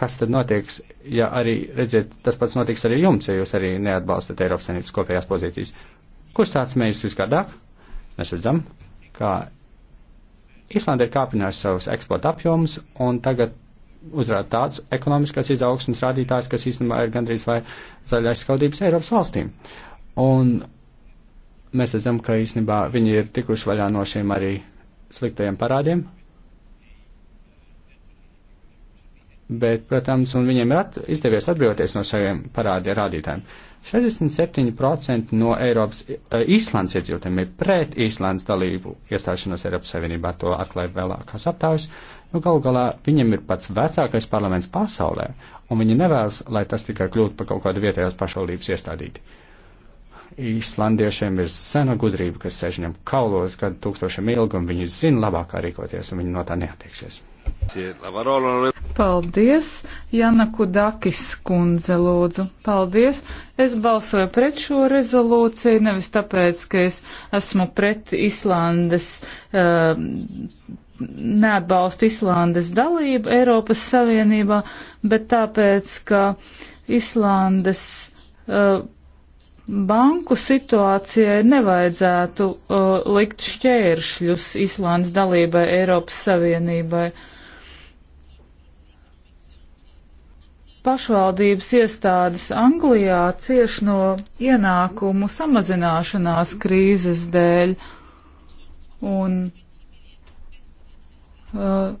kas tad notiks, ja arī, redziet, tas pats notiks arī jums, ja jūs arī neatbalstat Eiropas Savienības kopējās pozīcijas. Kurš tāds mēs viskārdāk? Mēs redzam, ka Islanda ir kāpinājusi savus eksporta apjomus, un tagad uzrāda tāds ekonomiskās izaugsmas rādītājs, kas īstenībā ir gandrīz vai zaļais skaudības Eiropas valstīm. Un mēs redzam, ka īstenībā viņi ir tikuši vaļā no šiem arī sliktajiem parādiem. Bet, protams, un viņiem ir at, izdevies atbrīvoties no saviem parādiem rādītājiem. 67% no Eiropas eh, Īslandes iedzīvotājiem ir pret Īslandes dalību iestāšanos Eiropas Savienībā, to atklāja vēlākās aptaujas, Nu, galu galā viņiem ir pats vecākais parlaments pasaulē, un viņi nevēlas, lai tas tikai kļūtu par kaut kādu vietējās pašvaldības iestādīti. Īslandiešiem ir sena gudrība, kas sēž viņam kaulos gadu tūkstošiem ilgi, un viņi zina labāk, kā rīkoties, un viņi no tā neattieksies. Paldies, Jana Kudakis kundze, lūdzu. Paldies. Es balsoju pret šo rezolūciju, nevis tāpēc, ka es esmu pret Islandes uh, neatbalstu Islandes dalību Eiropas Savienībā, bet tāpēc, ka Islandes uh, banku situācijai nevajadzētu uh, likt šķēršļus Islandes dalībai Eiropas Savienībai. Pašvaldības iestādes Anglijā cieš no ienākumu samazināšanās krīzes dēļ, un Uh,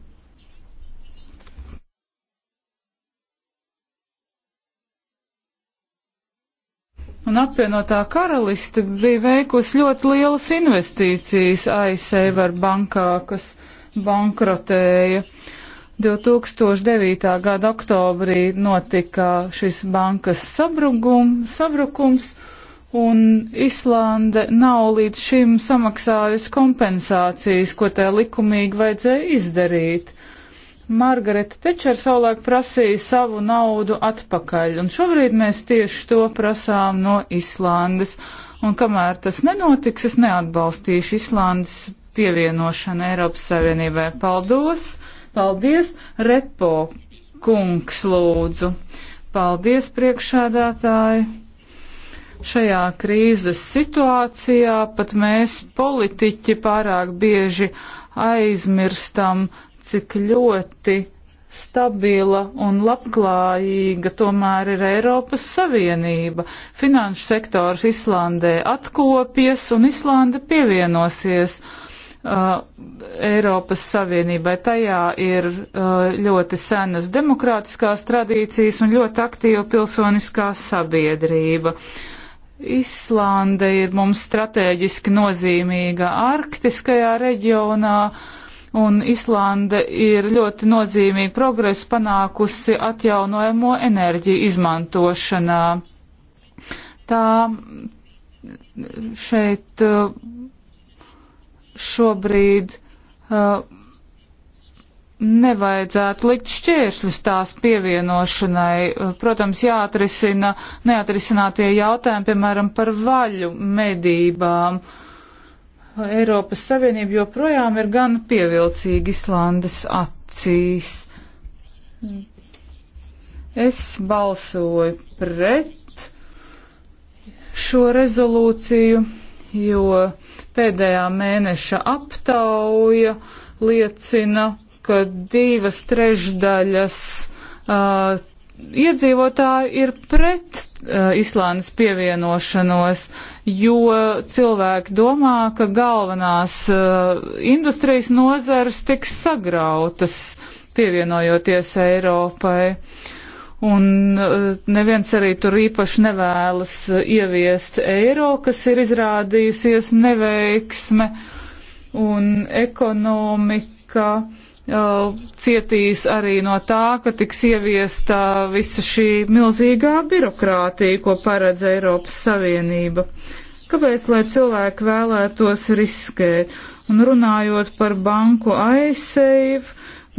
Un apvienotā karaliste bija veikusi ļoti lielas investīcijas aizseivar bankā, kas bankrotēja. 2009. gada oktobrī notika šis bankas sabrugum, sabrukums un Islande nav līdz šim samaksājusi kompensācijas, ko tā likumīgi vajadzēja izdarīt. Margareta Tečer savulaik prasīja savu naudu atpakaļ, un šobrīd mēs tieši to prasām no Islandes. Un kamēr tas nenotiks, es neatbalstīšu Islandes pievienošanu Eiropas Savienībai. Paldos, paldies, Repo kungs lūdzu. Paldies, priekšādātāji! Šajā krīzes situācijā pat mēs politiķi pārāk bieži aizmirstam, cik ļoti stabila un labklājīga tomēr ir Eiropas Savienība. Finanšu sektors Islandē atkopjas un Islanda pievienosies. Uh, Eiropas Savienībai tajā ir uh, ļoti senas demokrātiskās tradīcijas un ļoti aktīva pilsoniskā sabiedrība. Uh, Islande ir mums strateģiski nozīmīga arktiskajā reģionā, un Islande ir ļoti nozīmīgi progresu panākusi atjaunojamo enerģiju izmantošanā. Tā šeit uh, šobrīd uh, nevajadzētu likt šķēršļus tās pievienošanai. Protams, jāatrisina neatrisinātie jautājumi, piemēram, par vaļu medībām. Eiropas Savienība joprojām ir gan pievilcīga Islandes acīs. Es balsoju pret šo rezolūciju, jo pēdējā mēneša aptauja liecina, ka divas trešdaļas uh, iedzīvotāji ir pret uh, Islandes pievienošanos, jo cilvēki domā, ka galvenās uh, industrijas nozares tiks sagrautas pievienojoties Eiropai. Un uh, neviens arī tur īpaši nevēlas ieviest eiro, kas ir izrādījusies neveiksme un ekonomika. Uh, cietīs arī no tā, ka tiks ieviesta visa šī milzīgā birokrātija, ko paredz Eiropas Savienība. Kāpēc, lai cilvēki vēlētos riskēt? Un runājot par banku aizseivu,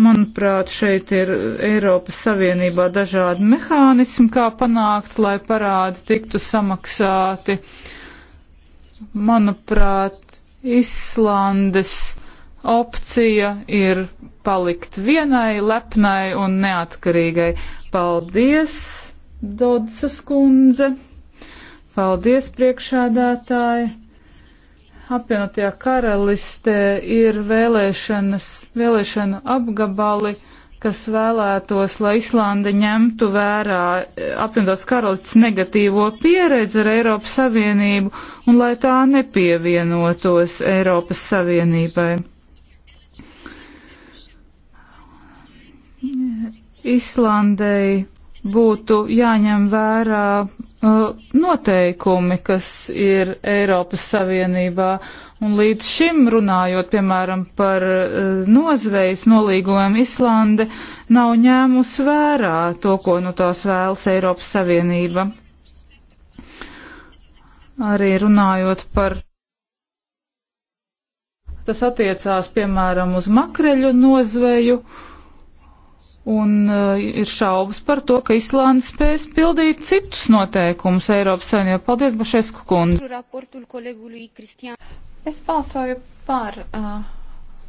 manuprāt, šeit ir Eiropas Savienībā dažādi mehānismi, kā panākt, lai parādi tiktu samaksāti. Manuprāt, Islandes opcija ir palikt vienai, lepnai un neatkarīgai. Paldies, Dodsas kundze! Paldies, priekšādātāji! Apvienotajā karalistē ir vēlēšanas, vēlēšanu apgabali, kas vēlētos, lai Islanda ņemtu vērā e, apvienotās karalists negatīvo pieredzi ar Eiropas Savienību un lai tā nepievienotos Eiropas Savienībai. Islandei būtu jāņem vērā uh, noteikumi, kas ir Eiropas Savienībā. Un līdz šim runājot, piemēram, par uh, nozvejas nolīgumiem, Islande nav ņēmusi vērā to, ko no nu tās vēlas Eiropas Savienība. Arī runājot par. Tas attiecās, piemēram, uz makreļu nozveju. Uh, Un uh, ir šaubas par to, ka Islanda spēs pildīt citus noteikumus Eiropas Savienībā. Paldies, Bašesku kundze. Es balsoju par uh,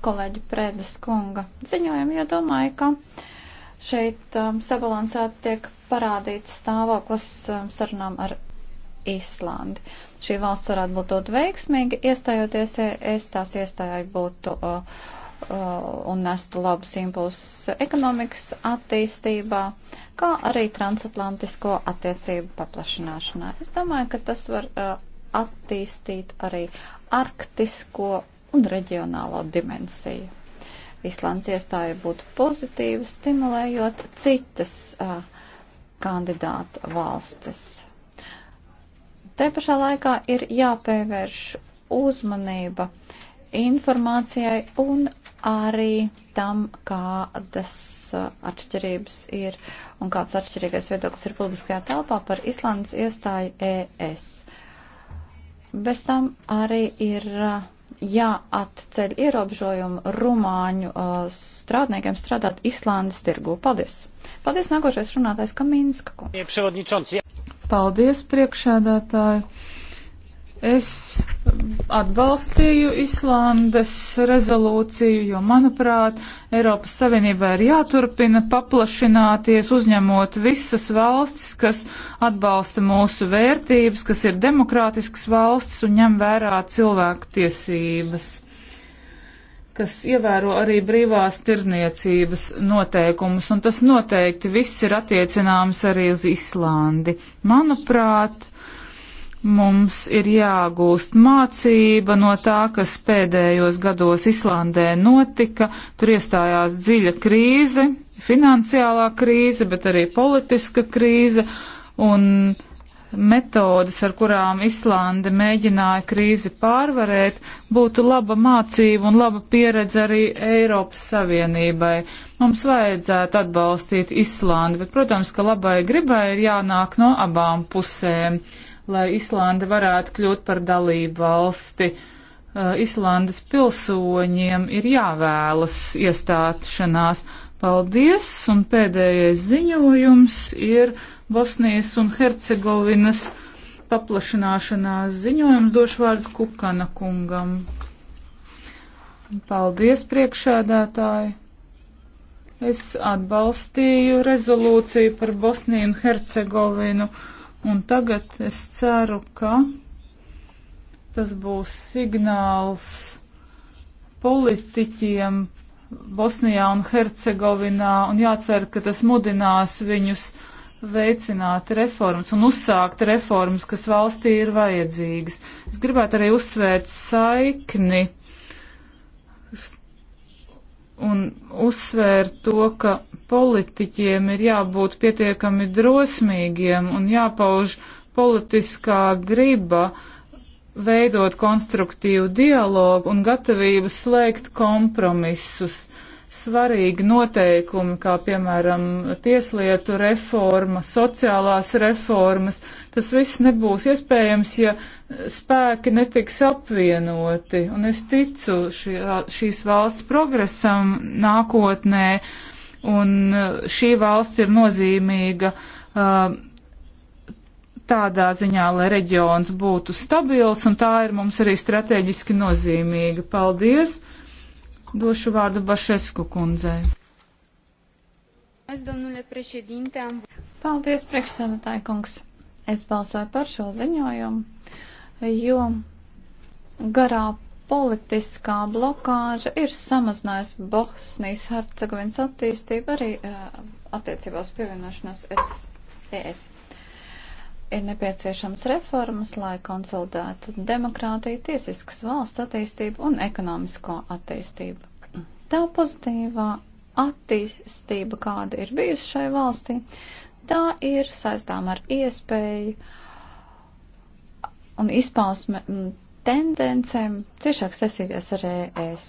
kolēģi Prēdas kunga ziņojumu, jo domāju, ka šeit um, sabalansēti tiek parādīts stāvoklis um, sarunām ar Īslandi. Šī valsts varētu būt ļoti veiksmīga, iestājoties, es tās iestājai būtu. Uh, Uh, un nestu labus impulsus ekonomikas attīstībā, kā arī transatlantisko attiecību paplašanāšanā. Es domāju, ka tas var uh, attīstīt arī arktisko un reģionālo dimensiju. Islands iestāja būtu pozitīva, stimulējot citas uh, kandidāta valstis. Te pašā laikā ir jāpievērš uzmanība informācijai un arī tam, kādas uh, atšķirības ir un kāds atšķirīgais viedoklis ir publiskajā telpā par Islandes iestāju ES. Bez tam arī ir uh, jāatceļ ierobežojumu rumāņu uh, strādniekiem strādāt Islandes tirgu. Paldies! Paldies, nākošais runātājs Kaminska. Paldies, priekšēdētāji! Es atbalstīju Islandes rezolūciju, jo, manuprāt, Eiropas Savienībā ir jāturpina paplašināties, uzņemot visas valstis, kas atbalsta mūsu vērtības, kas ir demokrātiskas valstis un ņem vērā cilvēku tiesības kas ievēro arī brīvās tirzniecības noteikumus, un tas noteikti viss ir attiecināms arī uz Islandi. Manuprāt, uh, Mums ir jāgūst mācība no tā, kas pēdējos gados Islandē notika. Tur iestājās dziļa krīze, finansiālā krīze, bet arī politiska krīze un metodas, ar kurām Islande mēģināja krīzi pārvarēt, būtu laba mācība un laba pieredze arī Eiropas Savienībai. Mums vajadzētu atbalstīt Islandi, bet, protams, ka labai gribai ir jānāk no abām pusēm. Uh, lai Islanda varētu kļūt par dalību valsti. Uh, Islandes pilsoņiem ir jāvēlas iestāšanās. Paldies, un pēdējais ziņojums ir Bosnijas un Hercegovinas paplašanāšanās ziņojums. Došu vārdu Kukana kungam. Paldies, priekšēdētāji. Es atbalstīju rezolūciju par Bosniju un Hercegovinu Un tagad es ceru, ka tas būs signāls politiķiem Bosnijā un Hercegovinā, un jācer, ka tas mudinās viņus veicināt reformas un uzsākt reformas, kas valstī ir vajadzīgas. Es gribētu arī uzsvērt saikni un uzsvērt to, ka politiķiem ir jābūt pietiekami drosmīgiem un jāpauž politiskā griba veidot konstruktīvu dialogu un gatavību slēgt kompromisus. Svarīgi noteikumi, kā piemēram tieslietu reforma, sociālās reformas, tas viss nebūs iespējams, ja spēki netiks apvienoti. Un es ticu šī, šīs valsts progresam nākotnē, uh, Un eh, šī valsts ir nozīmīga uh, tādā ziņā, lai reģions būtu stabils, un tā ir mums arī strateģiski nozīmīga. Paldies! Došu vārdu Bašesku kundzei. Paldies, priekšsēdētāji kungs. Es balsoju par šo ziņojumu, jo garā politiskā blokāža ir samazinājusi Bosnijas Hercegovinas attīstību arī uh, eh, attiecībās pievienošanos ES. E ir nepieciešams reformas, lai konsolidētu demokrātiju, tiesiskas valsts attīstību un ekonomisko attīstību. Tā pozitīvā attīstība, kāda ir bijusi šai valstī, tā ir saistām ar iespēju un izpausme tendencēm ciešāk sasīties ar ES.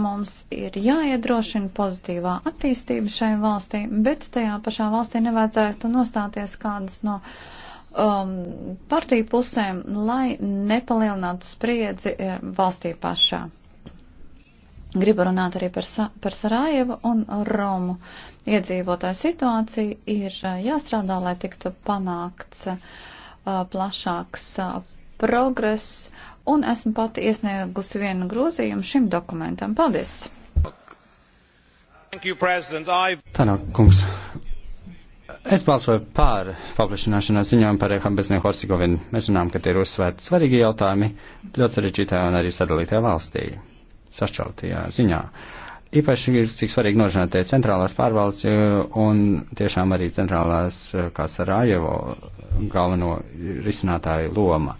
Mums ir jāiedrošina pozitīvā attīstība šai valstī, bet tajā pašā valstī nevajadzētu nostāties kādas no um, partiju pusēm, lai nepalielinātu spriedzi eh, valstī pašā. Gribu runāt arī par, Sa par Sarajevu un Romu. Iedzīvotāju situācija ir eh, jāstrādā, lai tiktu panākts uh, plašāks uh, progress, un esmu pati iesniegusi vienu grozījumu šim dokumentam. Paldies! Tanāk, kungs. Es balsoju pār paplašināšanās ziņojumu par Ehambeznieku Horsigovinu. Mēs zinām, ka tie ir uzsvērti svarīgi jautājumi ļoti sarežģītā un arī sadalītā valstī, sašķeltajā ziņā. Uh, īpaši ir cik svarīgi nožināt centrālās pārvaldes e, un tiešām arī centrālās, e, kā Sarajevo, galveno risinātāju loma.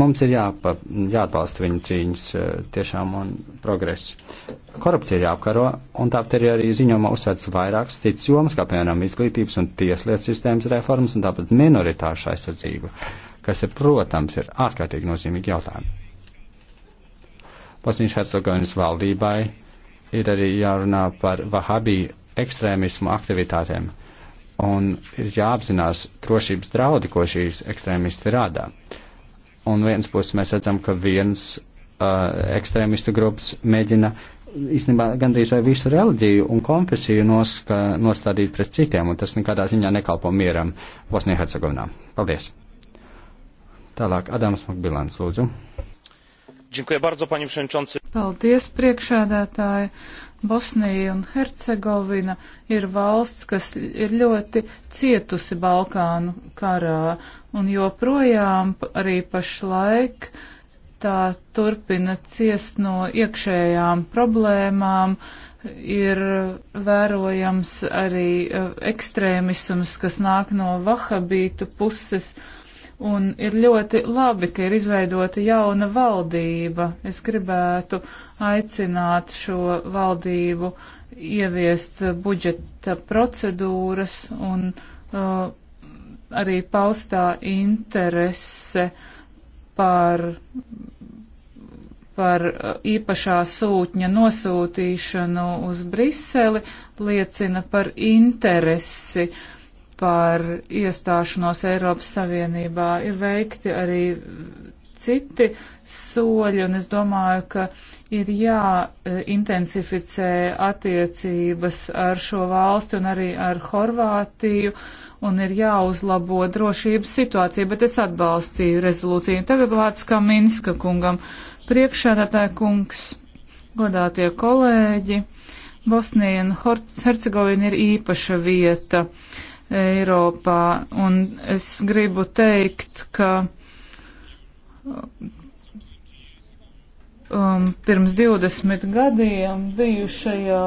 Mums ir jāpa, jāatbalsta viņu cīņas e, tiešām un progresu. Korupcija ir jāapkaro, un tāpat ir arī ziņojumā uzsvērts vairākas citas jomas, kā piemēram izglītības un tieslietu sistēmas reformas, un tāpat minoritāšu aizsardzību, kas, ir, protams, ir ārkārtīgi nozīmīgi jautājumi. Bosnijas Hercegovinas valdībai ir arī jārunā par vahabī ekstrēmismu aktivitātēm. Un ir jāapzinās drošības draudi, ko šīs ekstrēmisti rādā. Un viens puses mēs redzam, ka viens uh, ekstrēmistu grupas mēģina īstenībā gandrīz vai visu reliģiju un konfesiju noska, nostādīt pret citiem, un tas nekādā ziņā nekalpo mieram Bosnijā-Hercegovinā. Paldies! Tālāk Adams Makbilans, lūdzu. Paldies, priekšēdētāji! Bosnija un Hercegovina ir valsts, kas ir ļoti cietusi Balkānu karā, un joprojām arī pašlaik tā turpina ciest no iekšējām problēmām, ir vērojams arī eh, ekstrēmisms, kas nāk no vahabītu puses. Uh, Un ir ļoti labi, ka ir izveidota jauna valdība. Es gribētu aicināt šo valdību ieviest budžeta procedūras un uh, arī paustā interese par, par uh, īpašā sūtņa nosūtīšanu uz Briseli liecina par interesi uh, par iestāšanos Eiropas Savienībā. Ir veikti arī citi soļi, un es domāju, ka ir jāintensificē attiecības ar šo valsti un arī ar Horvātiju, un ir jāuzlabo drošības situācija, bet es atbalstīju rezolūciju. Tagad vārds kā Minska kungam. Priekšādātāja kungs, godātie kolēģi, Bosnija un Hercegovina ir īpaša vieta. Uh, Eiropā. Un es gribu teikt, ka um, pirms 20 gadiem bijušajā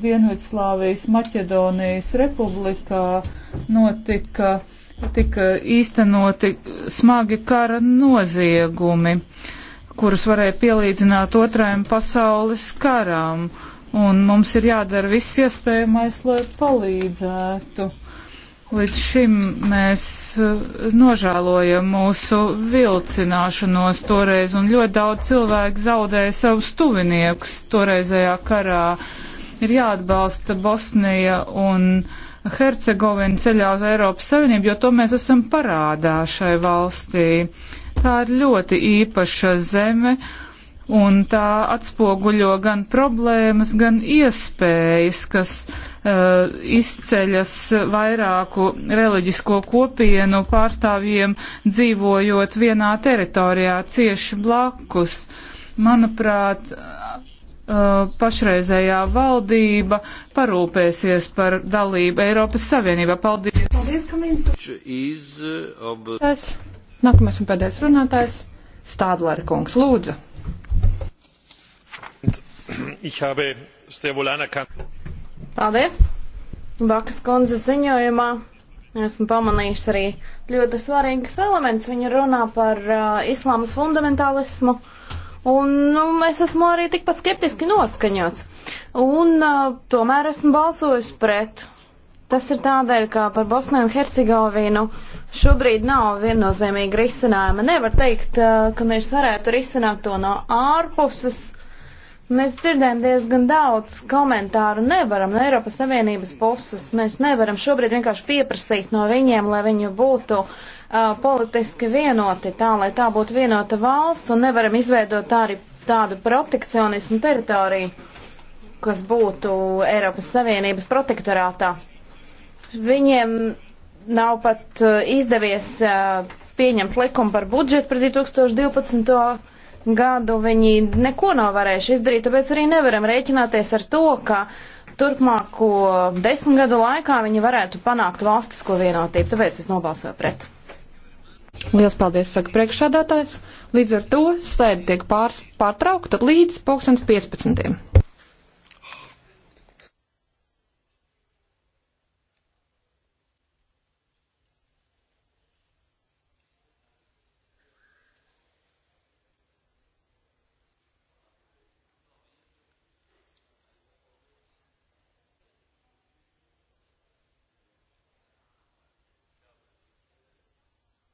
Dienvidslāvijas Maķedonijas republikā notika, tika īstenoti smagi kara noziegumi, kurus varēja pielīdzināt otrajam pasaules karam. Un mums ir jādara viss iespējamais, lai palīdzētu. Līdz šim mēs eh, nožēlojam mūsu vilcināšanos toreiz, un ļoti daudz cilvēku zaudēja savus tuviniekus toreizējā karā. Ir jāatbalsta Bosnija un Hercegovina ceļā uz Eiropas Savienību, jo to mēs esam parādā šai valstī. Tā ir ļoti īpaša zeme, un tā atspoguļo gan problēmas, gan iespējas, kas uh, izceļas vairāku reliģisko kopienu pārstāvjiem dzīvojot vienā teritorijā cieši blakus. Manuprāt, uh, pašreizējā valdība parūpēsies par dalību Eiropas Savienībā. Paldies! Paldies, Kamīns! Nākamais un pēdējais runātājs - Stādlera kungs. Lūdzu! Paldies! Bakas kundzes ziņojumā esmu pamanījis arī ļoti svarīgus elementus. Viņa runā par uh, islāmas fundamentālismu. Un nu, es esmu arī tikpat skeptiski noskaņots. Un uh, tomēr esmu balsojis pret Tas ir tādēļ, ka par Bosniju un Hercegovinu šobrīd nav viennozīmīga risinājuma. Nevar teikt, ka mēs varētu risināt to no ārpuses. Mēs dzirdējam diezgan daudz komentāru, nevaram no Eiropas Savienības puses. Mēs nevaram šobrīd vienkārši pieprasīt no viņiem, lai viņi būtu uh, politiski vienoti tā, lai tā būtu vienota valsts, un nevaram izveidot tā arī tādu protekcionismu teritoriju, kas būtu Eiropas Savienības protektorātā. Viņiem nav pat uh, izdevies uh, pieņemt likumu par budžetu par 2012. gadu. Viņi neko nav varējuši izdarīt, tāpēc arī nevaram rēķināties ar to, ka turpmāko desmit gadu laikā viņi varētu panākt valstisko vienotību. Tāpēc es nobalsoju pret. Liels paldies, saka priekšādātājs. Līdz ar to sēde tiek pārs, pārtraukta līdz 2015.